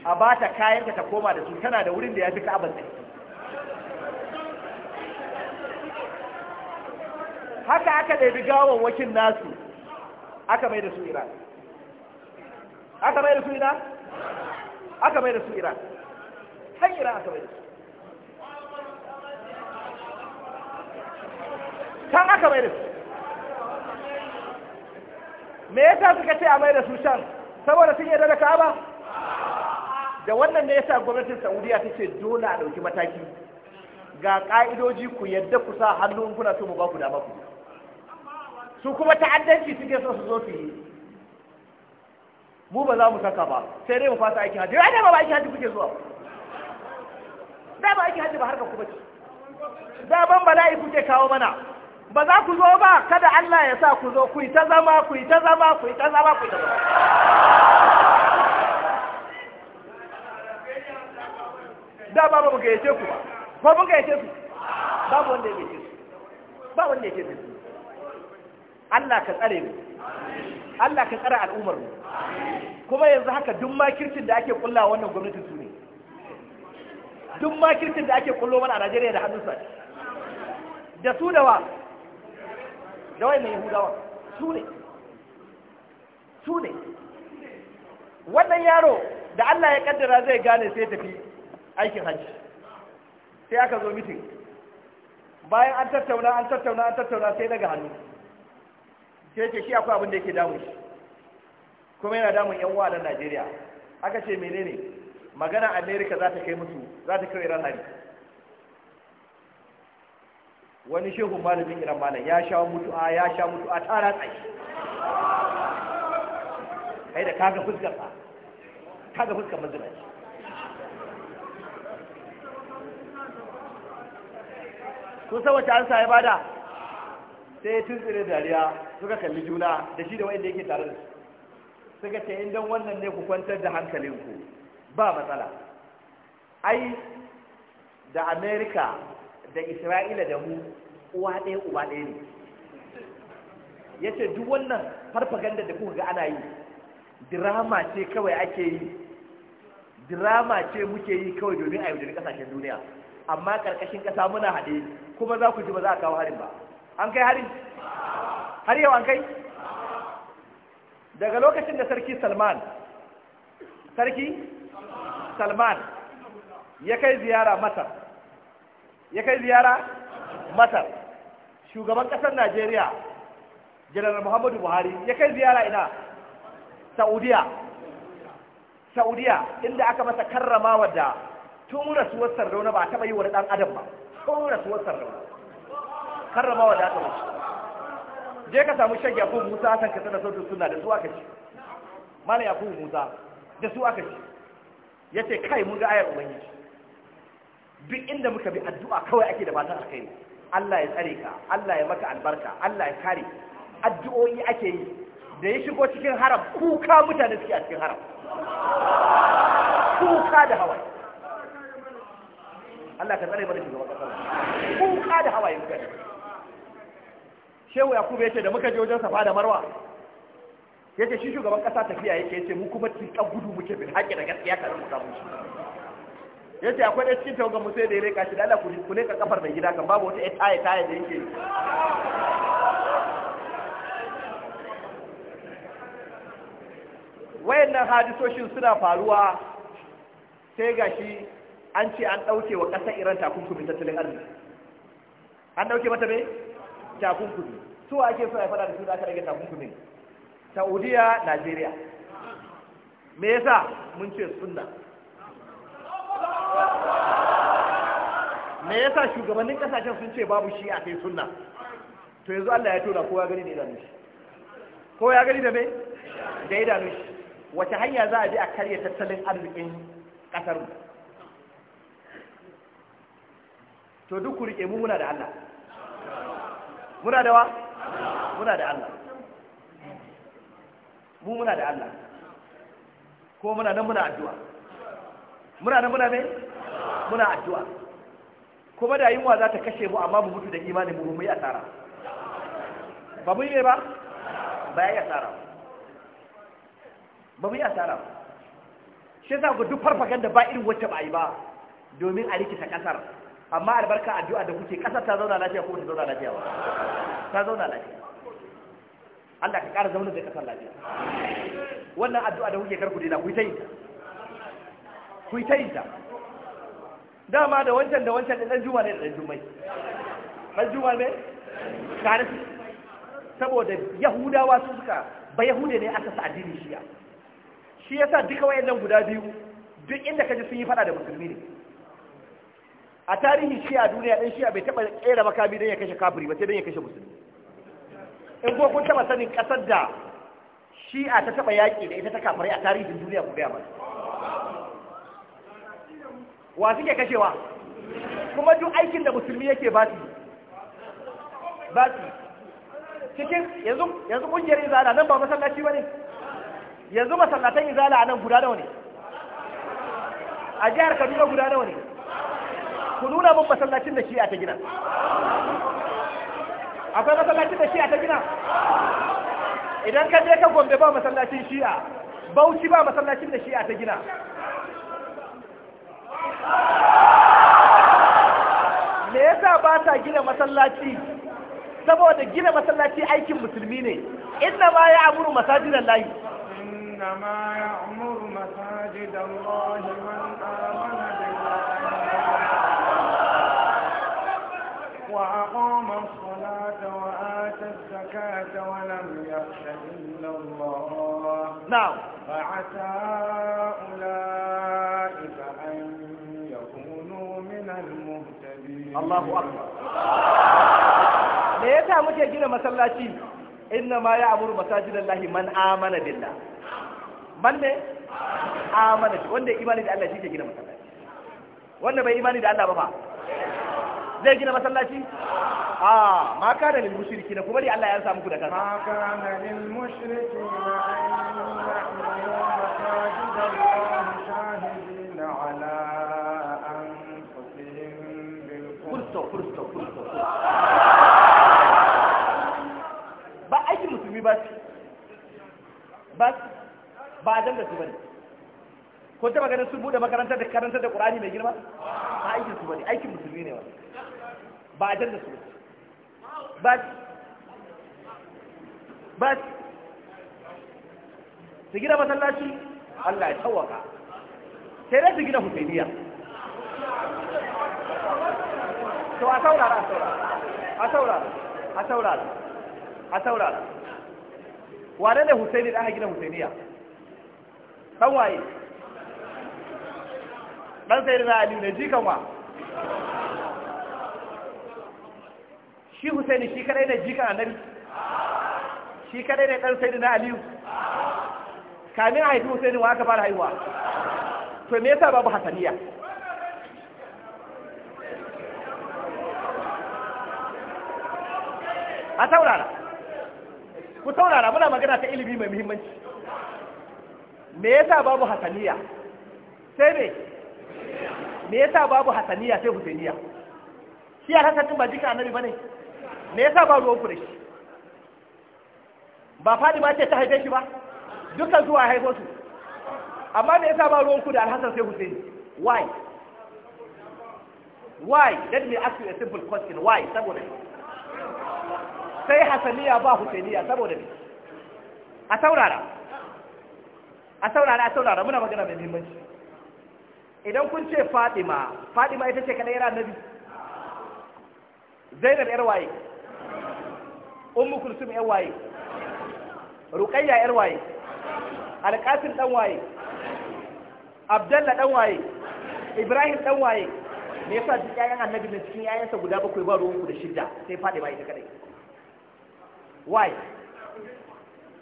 [SPEAKER 3] a ba ta kayan ta koma da su tana da wurin da ya fi ka'abar tsarki haka aka ɗabi gawon wakin nasu aka mai da su iran aka mai da su iran aka mai da su iran har iran aka mai da su can aka mai da su me yasa suka ce a mai da su can saboda sun yarda da ka'aba da wannan ne yasa gwamnatin saudiya ta ce dole a ɗauki mataki ga ƙa'idoji ku yadda ku sa hannu in kuna so mu ba ku dama ku su kuma ta'addanci suke so su zo su yi mu ba za mu saka ba sai dai mu fasa aikin hajji ai dama ba aikin hajji kuke zuwa ba aikin hajji ba harkar kuma ce daban bala'i kuke kawo mana ba za ku zo ba kada Allah ya sa ku zo ku yi ta zama ku yi ta zama ku yi ta zama ku yi ta zama da ba ba gayyace ku ba ba mun gayyace su babu wanda ya gayyace su ba wanda ya gayyace su Allah ka tsare mu Allah ka tsare al'ummar mu kuma yanzu haka duk makircin da ake kulla wannan gwamnatin su ne duk makircin da ake kullo mana a Najeriya da hannun sa da su da wa da wayannan Yahudawa su ne su ne wannan yaro da Allah ya kaddara zai gane sai tafi aikin hajji sai aka zo mitin bayan an tattauna an tattauna an tattauna sai daga hannu sai ce shi akwai abin da yake damun shi kuma yana damun yan uwa Najeriya aka ce menene magana America za ta kai musu za ta kai ranar hari wani shehu malamin Iran malam ya sha a ya sha mutu ta ratsa tsaye kai da kaga fuskar ka kaga fuskar mazinaci kun san wata ansa ya bada sai tun tsire dariya suka kalli juna da shi da wanda yake tare da su suka ce in dan wannan ne ku kwantar da hankalinku ba matsala ai da america da isra'ila da mu uwa ɗaya uba ɗaya ne ya ce duk wannan farfaganda da kuka ga ana yi dirama ce kawai ake yi dirama ce muke yi kawai domin a yaudari ƙasashen duniya amma karkashin kasa muna haɗe kuma za ku ji ba za a kawo harin ba an kai harin har yau an kai daga lokacin da sarki salman sarki salman ya kai ziyara masar ya kai ziyara masar shugaban ƙasar najeriya janar muhammadu buhari ya kai ziyara ina saudiya saudiya inda aka masa karrama wadda. tun rasuwar sardauna ba a taɓa yi wani ɗan adam ba tun rasuwar sardauna karramawa da
[SPEAKER 4] aka je ka samu shan yakubu musa a
[SPEAKER 3] ka sanar sautin suna da su aka ci ya yakubu musa da su aka ci ya ce kai mun ga ayar ubangiji duk inda muka bi addu'a kawai ake da fatan ne. Allah ya tsare ka Allah ya maka albarka Allah ya kare addu'o'i ake yi da ya shigo cikin haram kuka mutane suke a cikin haram kuka da hawaii Allah ka tsare mana shugaban kasar kun kada hawaye muka ne shehu yakubu yace da muka je wajen safa da marwa yace shi shugaban kasa tafiya yake yace mu kuma tin gudu muke bin haƙƙi da gaskiya ka rubuta mu yace akwai ɗaya cikin tawagan mu sai da ya reka shi da Allah ku ne ka kafar mai gida kan babu wata ya taya taya da yake wayannan hadisoshin suna faruwa sai gashi an ce an ɗauke wa ƙasar iran takunkumin tattalin arziki an ɗauke mata me takunkumi su ake so a fada da su da aka rage takunkumin saudiya najeriya me yasa mun ce sunna me yasa shugabannin kasashen sun ce babu shi a kai sunna to yanzu Allah ya tura kowa gani da idanu shi ko ya gani da me da idanu shi wace hanya za a bi a karya tattalin arzikin kasar mu to duk ku rike mu muna da Allah muna da wa muna da Allah mu muna da Allah ko muna nan muna addu'a muna nan muna mai muna addu'a kuma da yunwa za ta kashe mu amma mu mutu da imanin mu mu yi asara ba mu yi ne ba ba ya yi asara ba mu yi asara shi yasa ku duk farfagan da ba irin wacce ba yi ba domin a rikita kasar amma albarka addu'a da kuke kasar ta zauna lafiya ko ta zauna lafiya ba ta zauna lafiya Allah ka ƙara zaune da kasar lafiya wannan addu'a da kuke karku dina ku ta yi ta ku ta yi ta dama da wancan da wancan da ɗan juma ne da ɗan jumai ɗan juma ne tare su saboda yahudawa su suka ba yahude ne aka sa addini shiya shi yasa duka wayannan guda biyu duk inda kaje sun yi fada da musulmi ne a tarihi shi a duniya shi shi'a bai taɓa ƙera makami don ya kashe kafiri ba sai don ya kashe musulmi in ko kun taɓa sanin ƙasar da shi'a ta taɓa yaƙi da ita ta kafirai a tarihin duniya ku gaya mana
[SPEAKER 4] wa suke kashewa kuma duk
[SPEAKER 3] aikin da musulmi yake ba su
[SPEAKER 4] ba su cikin yanzu
[SPEAKER 3] yanzu kungiyar izala nan ba masallaci ba ne yanzu masallatan izala nan guda nawa ne a jihar kaduna guda nawa ne ku nuna mun masallacin da shi'a ta gina akwai masallacin da shi'a ta gina idan ka je kan gombe ba masallacin shi'a bauchi ba masallacin da shi'a ta gina me yasa ba ta gina masallaci saboda gina masallaci aikin musulmi ne inna ma ya amuru masajidan layi
[SPEAKER 1] inna ma ya amuru masajidan layi man نعم فعسى أولئك أن يكونوا من المهتدين
[SPEAKER 3] الله أكبر muke gina masallaci inna ma ya amuru masajidallahi man amana man ne amana wanda imani da Allah shi ke gina masallaci wanda bai imani da Allah zai gina masallaci a ma kana lil mushriki na kuma dai Allah ya samu ku da kansa ma kana lil mushriki na ba ba a da su ba ne ko ta ganin sun bude makarantar da karantar da ƙurani mai girma ba aikin su ba ne aikin musulmi ne wani ba a jan da su ba ba su gina masallaci Allah ya tawaka sai dai su gina husainiya to a saurara a saurara a saurara a saurara a saurara wane ne husaini da aka gina husainiya dan waye dan sai da aliyu ne jikan wa shi husaini shi kadai ne jikan annabi shi kadai ne dan sai da aliyu kamin a haifi husaini wa aka fara haihuwa to me yasa babu hasaniya a taurara ku saurara muna magana ta ilimi mai muhimmanci me yasa babu hasaniya sai me me yasa babu hasaniya sai husainiya shi a tun ba jika annabi bane me yasa ba ruwan ku shi ba fadi ba ce ta haife shi ba dukkan zuwa haifo su amma me yasa ba ruwan ku da alhassan sai husaini why why let me ask you a simple question why saboda
[SPEAKER 4] sai hasaniya ba husainiya
[SPEAKER 3] saboda ne a saurara a saurara a saurara muna magana mai muhimmanci idan kun ce fadima fadima ita ce kada yara nabi zainab yar waye ummu kulsum yar waye ruqayya yar waye alqasim dan waye abdalla dan waye ibrahim dan waye me yasa duk yayan annabi ne cikin yayansa guda bakwai ba ruwanku da shidda sai fadima ita kadai why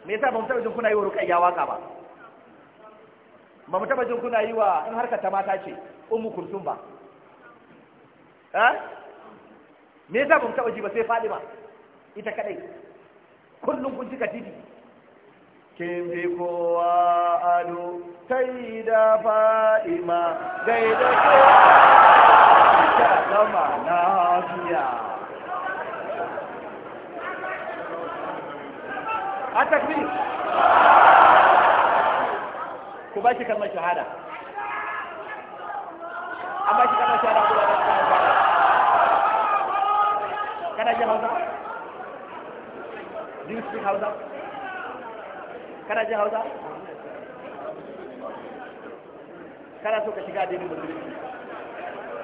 [SPEAKER 3] me yasa ba mu taɓa jin kuna yi wa rukayya waka ba ba mu taɓa jin kuna yi wa in harkar ta mata ce ummu kulsum ba eh me yasa ba mu taɓa ji ba sai fadima ita kadai kullum kun ji katibi kin bi kowa ado sai da fadima gaida kowa ta zama na a takbiri ku ba shi kalmar shahada an ba shi kalmar shahada ku ba shi kalmar shahada kana jin hausa
[SPEAKER 5] do you speak hausa
[SPEAKER 3] kana jin hausa kana so ka shiga addinin musulunci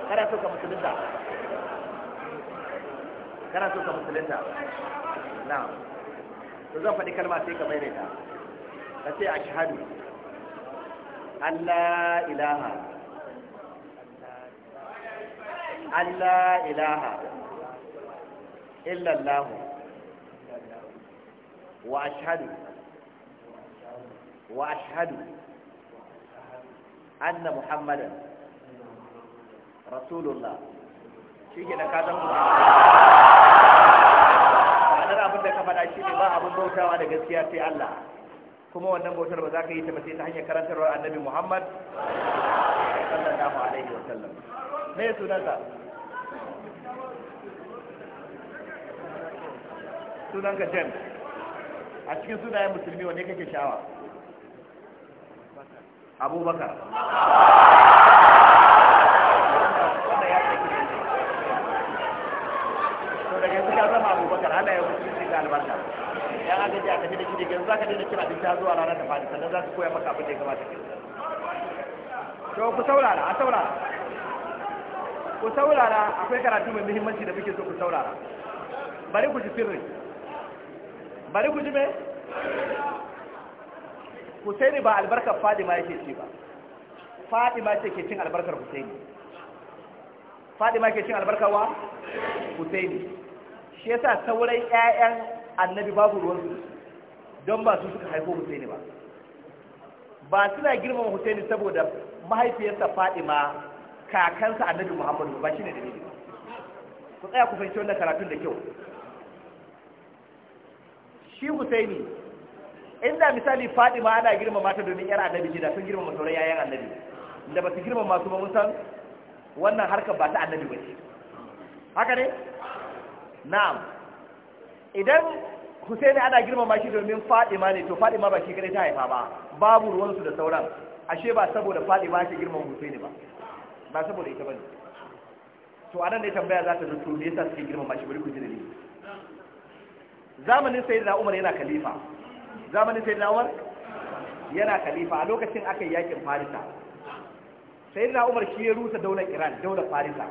[SPEAKER 3] kana so ka musulunta kana so ka musulunta na'am to zan faɗi kalma sai ka maimaita ka ce ashhadu Allah ilaha
[SPEAKER 4] Allah ilaha
[SPEAKER 3] illallah wa ashhadu wa ashhadu
[SPEAKER 4] anna muhammadan
[SPEAKER 3] rasulullah shi ke da ka zama aka faɗa shi ne ba abin bautawa da gaskiya sai Allah kuma wannan bautar ba za ka yi ta ba sai ta hanyar karantarwa annabi Muhammad sallallahu alaihi wa sallam me sunansa sunanka jan a cikin sunayen musulmi wanne kake sha'awa abubakar daga suka zama abubakar ana yau albarka yan agaji a tafi da shi daga yanzu za ka daina kira din ta zuwa ranar da fadi sannan za su koya maka abin da ya kamata
[SPEAKER 4] to ku saurara a saurara ku saurara akwai karatu mai
[SPEAKER 3] muhimmanci da muke so ku saurara bari ku ji sirri bari ku ji me Husaini ba albarkar Fadima yake ci ba Fadima ce ke cin albarkar Husaini Fadima ke cin albarkar wa Husaini shi yasa sauran ƴaƴan annabi babu ruwan su don ba su suka haifo Husaini ba ba suna girmama Husaini saboda mahaifiyarsa Fadima kakansa annabi Muhammadu ba shine da ne ku tsaya ku fahimci wannan karatun da kyau shi Husaini inda misali Fadima ana girma mata domin yar annabi ce da sun girmama sauran ƴaƴan annabi da ba su girmama masu ba mun san wannan harkar ba ta annabi ba ce haka ne na'am idan Husaini ana girmama shi domin Fadima ne to Fadima ba shi kadai ta haifa ba babu ruwan su da sauran ashe ba saboda Fadima ta girman Husaini ba ba saboda ita bane to anan ne tambaya za ta zo to me yasa suke girmama shi bari ku ji dalili zamanin sayyidina Umar yana khalifa zamanin sayyidina Umar yana khalifa a lokacin aka yi yakin Farisa sayyidina Umar shi ya rusa daular Iran daular Farisa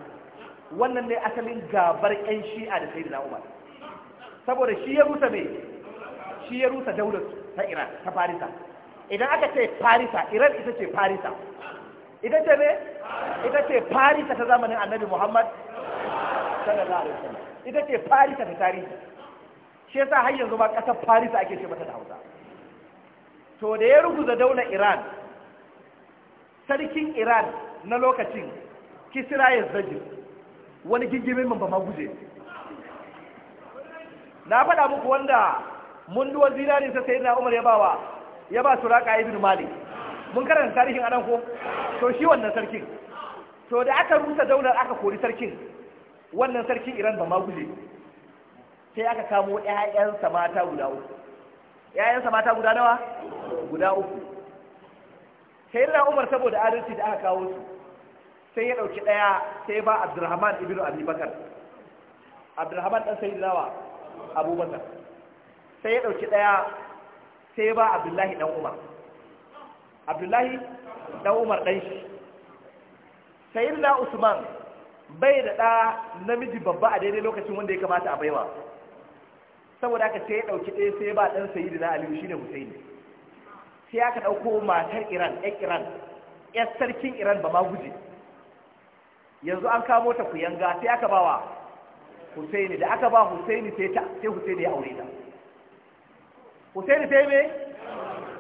[SPEAKER 3] wannan ne asalin gabar yan shi'a da sai da umar saboda shi ya rusa mai shi ya rusa daular ta iran ta farisa idan aka ce farisa iran ita ce farisa ita ce ne ita ce farisa ta zamanin annabi muhammad sallallahu alaihi wasallam ita ce farisa ta tarihi shi yasa har yanzu ma kasar farisa ake ce mata da hausa to da ya ruguza daular iran sarkin iran na lokacin kisra yazdajir wani gingimin min ba ma guje na faɗa muku wanda munduwar zinari sai sayyidina Umar ya bawa ya ba Suraka ibn Malik mun karanta tarihin anan ko to shi wannan sarkin to da aka rusa daular aka kori sarkin wannan sarkin Iran ba ma guje sai aka kamo 'ya'yansa mata guda uku Ya'yansa mata guda nawa guda uku sayyidina Umar saboda adalci da aka kawo su sai ya ɗauki ɗaya sai ba abdurrahman Ibnu abi bakar abdurrahman ɗan sai nawa abubakar sai ya ɗauki ɗaya sai ba abdullahi ɗan umar abdullahi ɗan umar dan shi sayyidina usman bai da ɗa namiji babba a daidai lokacin wanda ya kamata a baiwa saboda aka sai ya ɗauki ɗaya sai ba ɗan sayyidina ali aliyu shine husaini sai aka ɗauko matar iran ɗan iran ƴar sarkin iran ba ma guje yanzu an kamo ta yanga sai aka bawa Husaini da aka ba Husaini sai ta sai Husaini ya aure ta Husaini sai me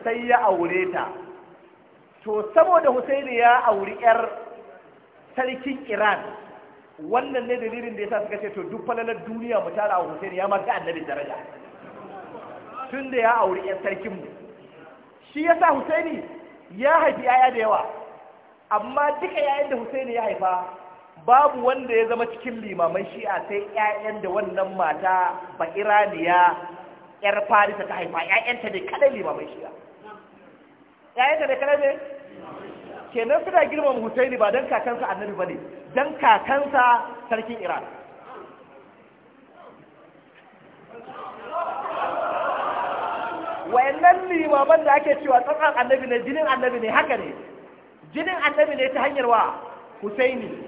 [SPEAKER 3] sai ya aure ta to saboda Husaini ya auri yar sarkin Iran wannan ne dalilin da yasa suka ce to duk falalar duniya mu tara Husaini ya maka annabi daraja tunda ya auri yar sarkin mu shi yasa Husaini ya haifi yaya da yawa amma duka yayin da Husaini ya haifa babu wanda ya zama cikin limaman shi'a sai ƴaƴan da wannan mata ba iraniya ƴar farisa ta haifa ƴaƴanta ne kada limaman shi'a ƴaƴanta ne kada ne kenan suna girmama Hussaini ba don kakansa annabi ba ne don kakansa sarkin iran wayannan limaman da ake cewa tsakar annabi ne jinin annabi ne haka ne jinin annabi ne ta hanyar wa Hussaini.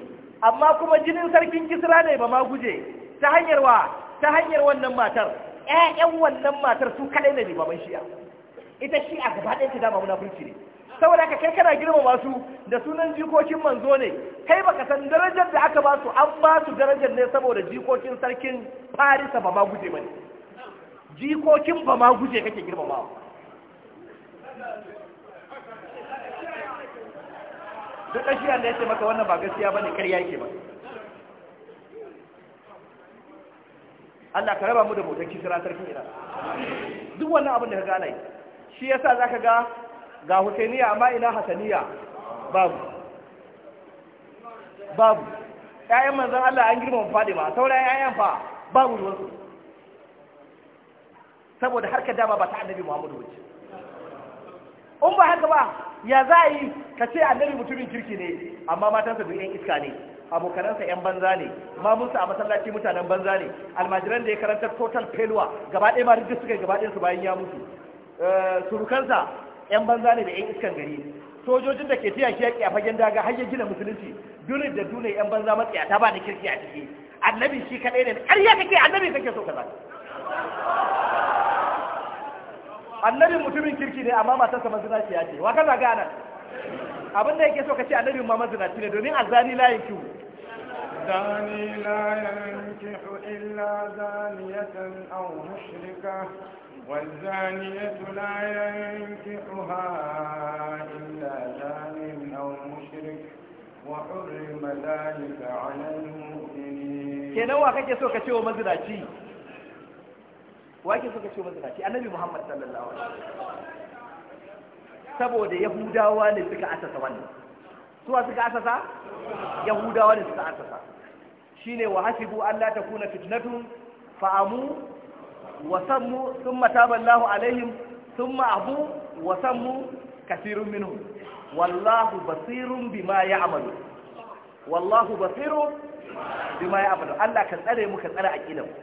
[SPEAKER 3] amma kuma jinin sarkin kisra ne ba ma guje ta hanyar wa ta hanyar wannan matar ƴaƴan wannan matar su kadai ne baban shi'a ita a gaba ɗaya da dama munafurci ne saboda ka kai kana girmama su da sunan jikokin manzo ne kai baka san darajar da aka ba su an ba su darajar ne saboda jikokin sarkin farisa ba ma guje ba ne jikokin ba ma guje kake girmamawa duk ashiyar da ya ce maka wannan ba gaskiya ba ne karya yake ba Allah ka raba mu da motar kisira sarkin iran duk wannan abin da ka gane shi yasa za ka ga ga husainiya amma ina hasaniya babu babu ƴaƴan manzon Allah an girmama Fadima sauran ƴaƴan fa babu ruwansu saboda harkar dama ba ta annabi Muhammadu wuce in ba haka ba ya za a yi ka ce annabi mutumin kirki ne amma matansa duk yan iska ne abokanansa yan banza ne mamunsa a masallaci mutanen banza ne almajiran da ya karanta total failure gaba ɗaya ma duk suka gaba ɗaya bayan ya mutu eh, surukansa yan banza ne da yan iskan gari sojojin da ke tiya yaƙi a fagen daga har ya gina musulunci dole da dole yan banza matsaya ta ba da kirki a ciki annabi shi kaɗai ne ƙarya kake annabi kake so ka
[SPEAKER 4] zaka
[SPEAKER 3] annabi mutumin kirki ne amma matarsa mazinaci ya ce wa kaza ga nan abin da yake so ka ce annabi ma mazinaci ne domin azani la yanki hu
[SPEAKER 1] zani la yanki hu illa zaniyatan aw mushrika wal zaniyatu la yanki hu ha illa zanin aw
[SPEAKER 3] mushrik wa hurrima dalika ala al mu'minin kenan wa kake so ka ce wa mazinaci wake suka ce mazinaci annabi muhammad sallallahu alaihi saboda yahudawa ne suka asasa wannan suwa suka asasa yahudawa ne suka asasa shine wa hasibu an la takuna fitnatun fa'amu wa sammu thumma taba Allahu alaihim thumma abu wa sammu kathirun minhum wallahu basirun bima ya'malu wallahu basirun bima ya'malu Allah ka tsare mu ka tsare aqidan mu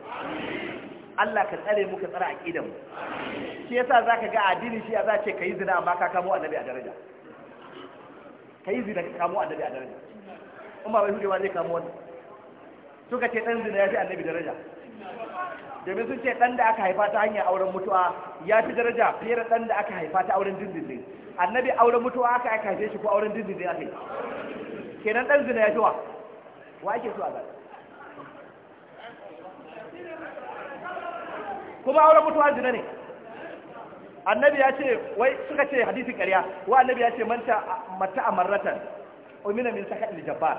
[SPEAKER 3] Allah ka tsare mu ka tsara aqidar mu shi yasa zaka ga addini shi za ce kai zina amma ka kamo annabi a daraja kai zina ka kamo annabi a daraja ba bai hudewa zai kamo To suka ce dan zina ya fi annabi daraja domin sun ce dan da aka haifa ta hanyar auren mutuwa ya fi daraja fiye da dan da aka haifa ta auren dindindin annabi auren mutuwa aka aka haife shi ko auren dindindin aka yi kenan dan zina ya fi wa wa ake so a zai kuma auren mutuwa zina ne annabi ya ce wai suka ce hadisin ƙarya wa annabi ya ce manta mata amarratan umina min saka Al-Jabbar.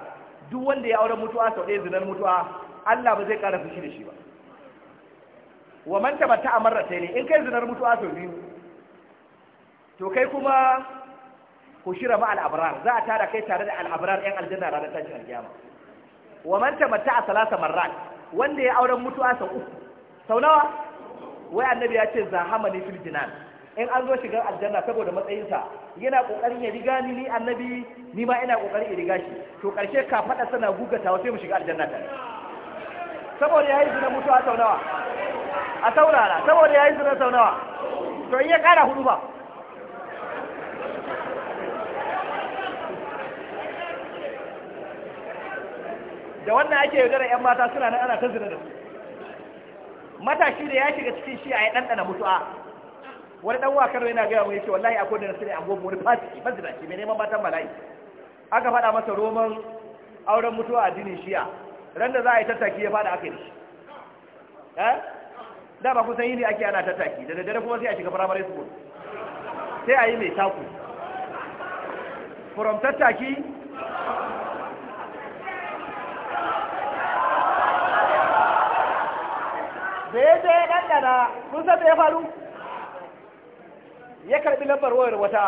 [SPEAKER 3] duk wanda ya auren mutuwa sau ɗaya zinar mutuwa Allah ba zai ƙara fushi da shi ba wa manta mata a amarrata ne in kai zinar mutuwa sau biyu to kai kuma ku shira ma al'abrar za a tara kai tare da al'abrar yan aljanna ranar tashin alkiyama wa manta mata a salasa marrat wanda ya auren mutuwa sau uku sau nawa wai annabi ya ce zahamani fil jinan in an zo shigar aljanna saboda matsayinsa yana kokarin ya riga ni ni annabi ni ma ina kokarin ya riga shi to karshe ka fada sana gugatawa sai mu shiga aljanna ta saboda yayi zina mutuwa a nawa a saurara saboda yayi zina sau to in ya kara hudu ba da wannan ake yaudara yan mata suna nan ana ta zina da su matashi da ya shiga cikin shi a ya ɗanɗana mutu'a wani ɗan wakar yana gaya mai ce wallahi akwai da na sirri a gobe wani fasiki mazinaci mai neman matan bala'i aka faɗa masa roman auren mutuwa a dinin shiya ran da za a yi tattaki ya faɗa aka yi shi eh? da ba kusan yi ne ake ana tattaki da daddare kuma sai a shiga firamare su. sai a yi mai taku from tattaki da ya je ɗanɗana kun san da ya faru ya karɓi lambar wayar wata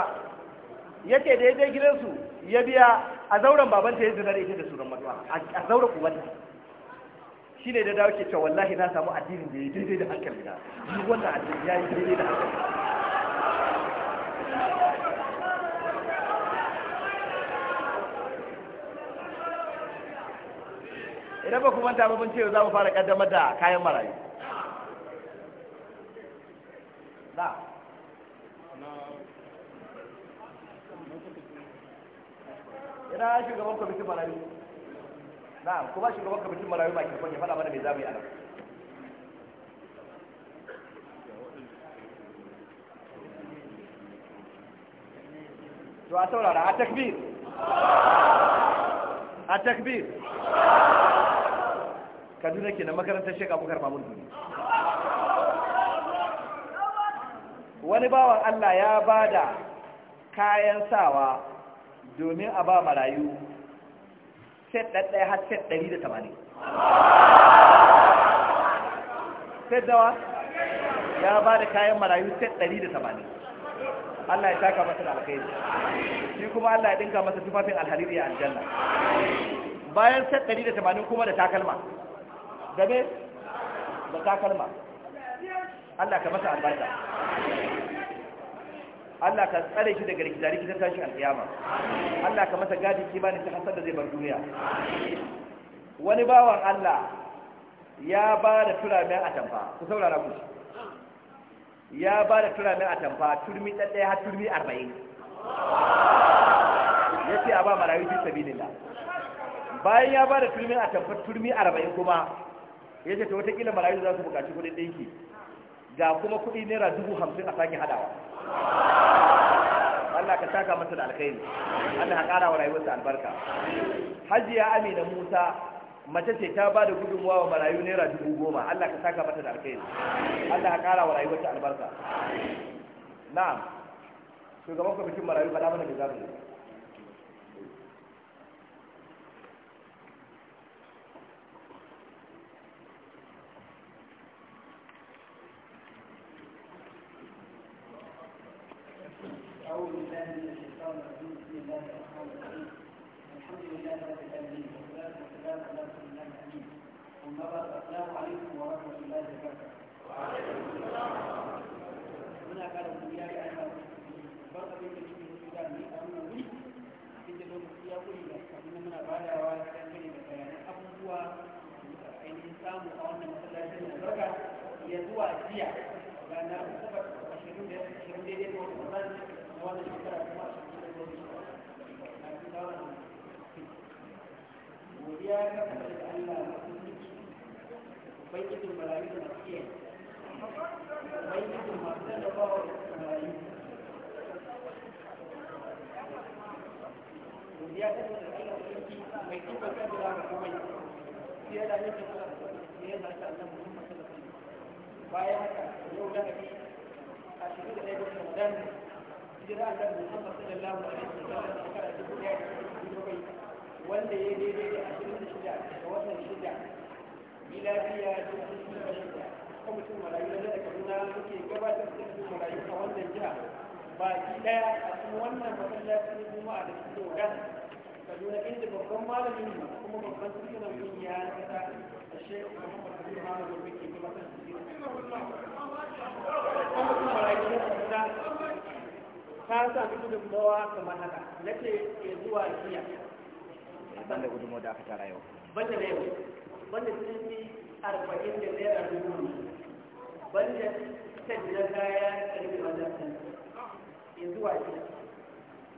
[SPEAKER 3] ya ce da ya je gidansu ya biya a zauren babanta ya zinar ita da sunan matuwa a zauren kubanta shi ne da dawo ke cewa wallahi na samu addinin da ya daidai da hankali na shi wannan addini ya yi daidai da hankali idan ba kuma ta babin ce ce za mu fara kaddamar da kayan marayu da ina shugaban kwamitin marayu na kuma shugaban kwamitin marayu ba ke kwanye fada mana mai zamu yi a to a saurara a takbir a takbir kaduna ke na makarantar shekaru karfa mun duniya
[SPEAKER 4] wani bawan Allah ya ba da
[SPEAKER 3] kayan sawa domin a ba marayu set ɗaɗɗaya har set ɗari da tamanin set dawa ya ba da kayan marayu set ɗari da tamanin Allah ya taka masa da alkhairi shi kuma Allah ya ɗinka masa tufafin alhariri a aljanna bayan set ɗari da tamanin kuma da takalma da da takalma Allah ka masa albarka Allah ka tsare shi daga rikita ki tashi alƙiyama Allah ka masa gadi bani ta hasar da zai bar duniya wani bawan Allah ya ba da turami a tamfa ku saurara ku ya ba da turami a tamfa turmi ɗaɗɗaya har turmi arba'in ya ce a ba marayu fi sabilillah bayan ya ba da turmi a tamfa turmi arba'in kuma ya ce ta watakila marayu za su buƙaci kuɗin ɗinki ga kuma kuɗi naira dubu hamsin a sake hadawa Allah ka saka masa da alkhairi Allah ka kara wa rayuwarsa albarka hajiya amina musa mace ce ta ba da gudunmuwa wa marayu naira dubu goma Allah ka saka mata da alkhairi Allah ka kara wa rayuwarta albarka na'am shugaban kwamitin marayu da mana da ne.
[SPEAKER 5] ka sami gudunmawa kamar haka na ce ke zuwa jiya
[SPEAKER 2] a san da gudunmawa da aka tara yau banda na yau
[SPEAKER 5] banda sun fi arba'in da naira dubu banda kan na kaya a karfe wajen sun ke zuwa jiya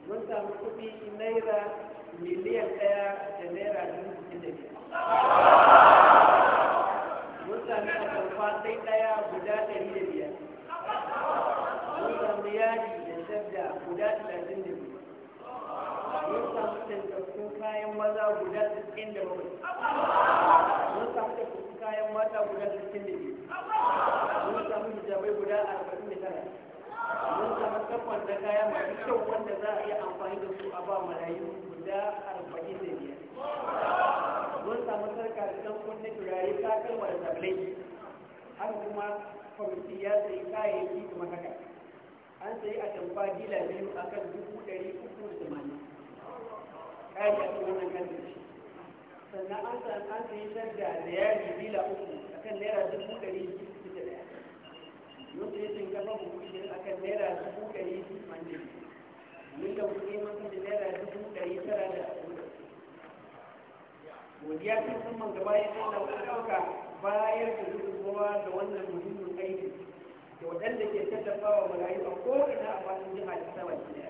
[SPEAKER 5] mun sami kuɗi naira miliyan ɗaya da naira dubu da biyar sami atamfa sai ɗaya guda ɗari da biyar mun samu yadi da shadda guda talatin da biyu mun samu tantattun kayan maza guda sittin da bakwai mun samu tantattun kayan mata guda sittin da biyu mun samu hijabai guda arba'in da tara mun samu takwas da kaya masu kyau wanda za a iya amfani da su a ba marayu guda arba'in da biyar samu sarka da kunne turare ta kalmar da tablai haka kuma kwamiti ya sayi kayayyaki kuma haka an sayi a tamfa dila biyu a kan dubu ɗari uku da tamanin kayan da ake wannan kan shi sannan an sa an sai shadda da yi dila uku a kan naira dubu ɗari biyu da ɗaya yau sai sun gaba mu a kan naira dubu ɗari biyu da ɗaya mun da kuɗi da naira dubu ɗari tara da ashirin godiya ta musamman ga bayan Allah wata ɗauka bayar da gudunmawa da wannan muhimmin aiki da waɗanda ke tallafa wa marayu a ko'ina a faɗin jiha da sama ɗaya.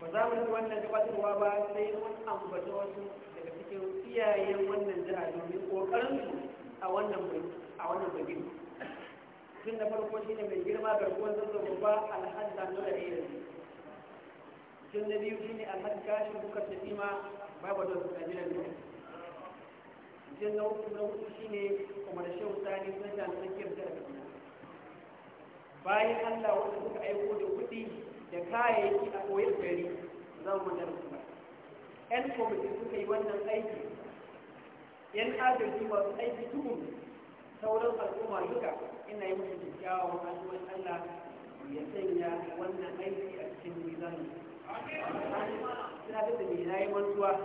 [SPEAKER 5] Ba za mu yi wannan gabatarwa ba sai mun ambata wasu daga cikin iyayen wannan jiha domin ƙoƙarinsu a wannan a wannan bagin. Tun da farko shi ne mai girma garkuwar zazzabin ba alhadda nuna da yanzu. sun na biyu ne alhaji kashin bukar da sima babu don a jiran ne jin na uku na shi ne kuma da shehu ne sun da tsakiyar da daga bayan allah wanda suka aiko da kuɗi da kayayyaki a koyar gari za mu da ba yan kwamiti suka yi wannan aiki yan agaji masu aiki tukun sauran al'umma duka ina yi musu kyakkyawan al'ummar allah ya sanya wannan aiki a cikin mizanin suna da mai na yi mantuwa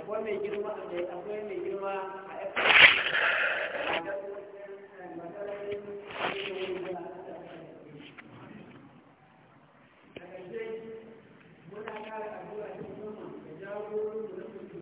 [SPEAKER 5] akwai mai girma a yi.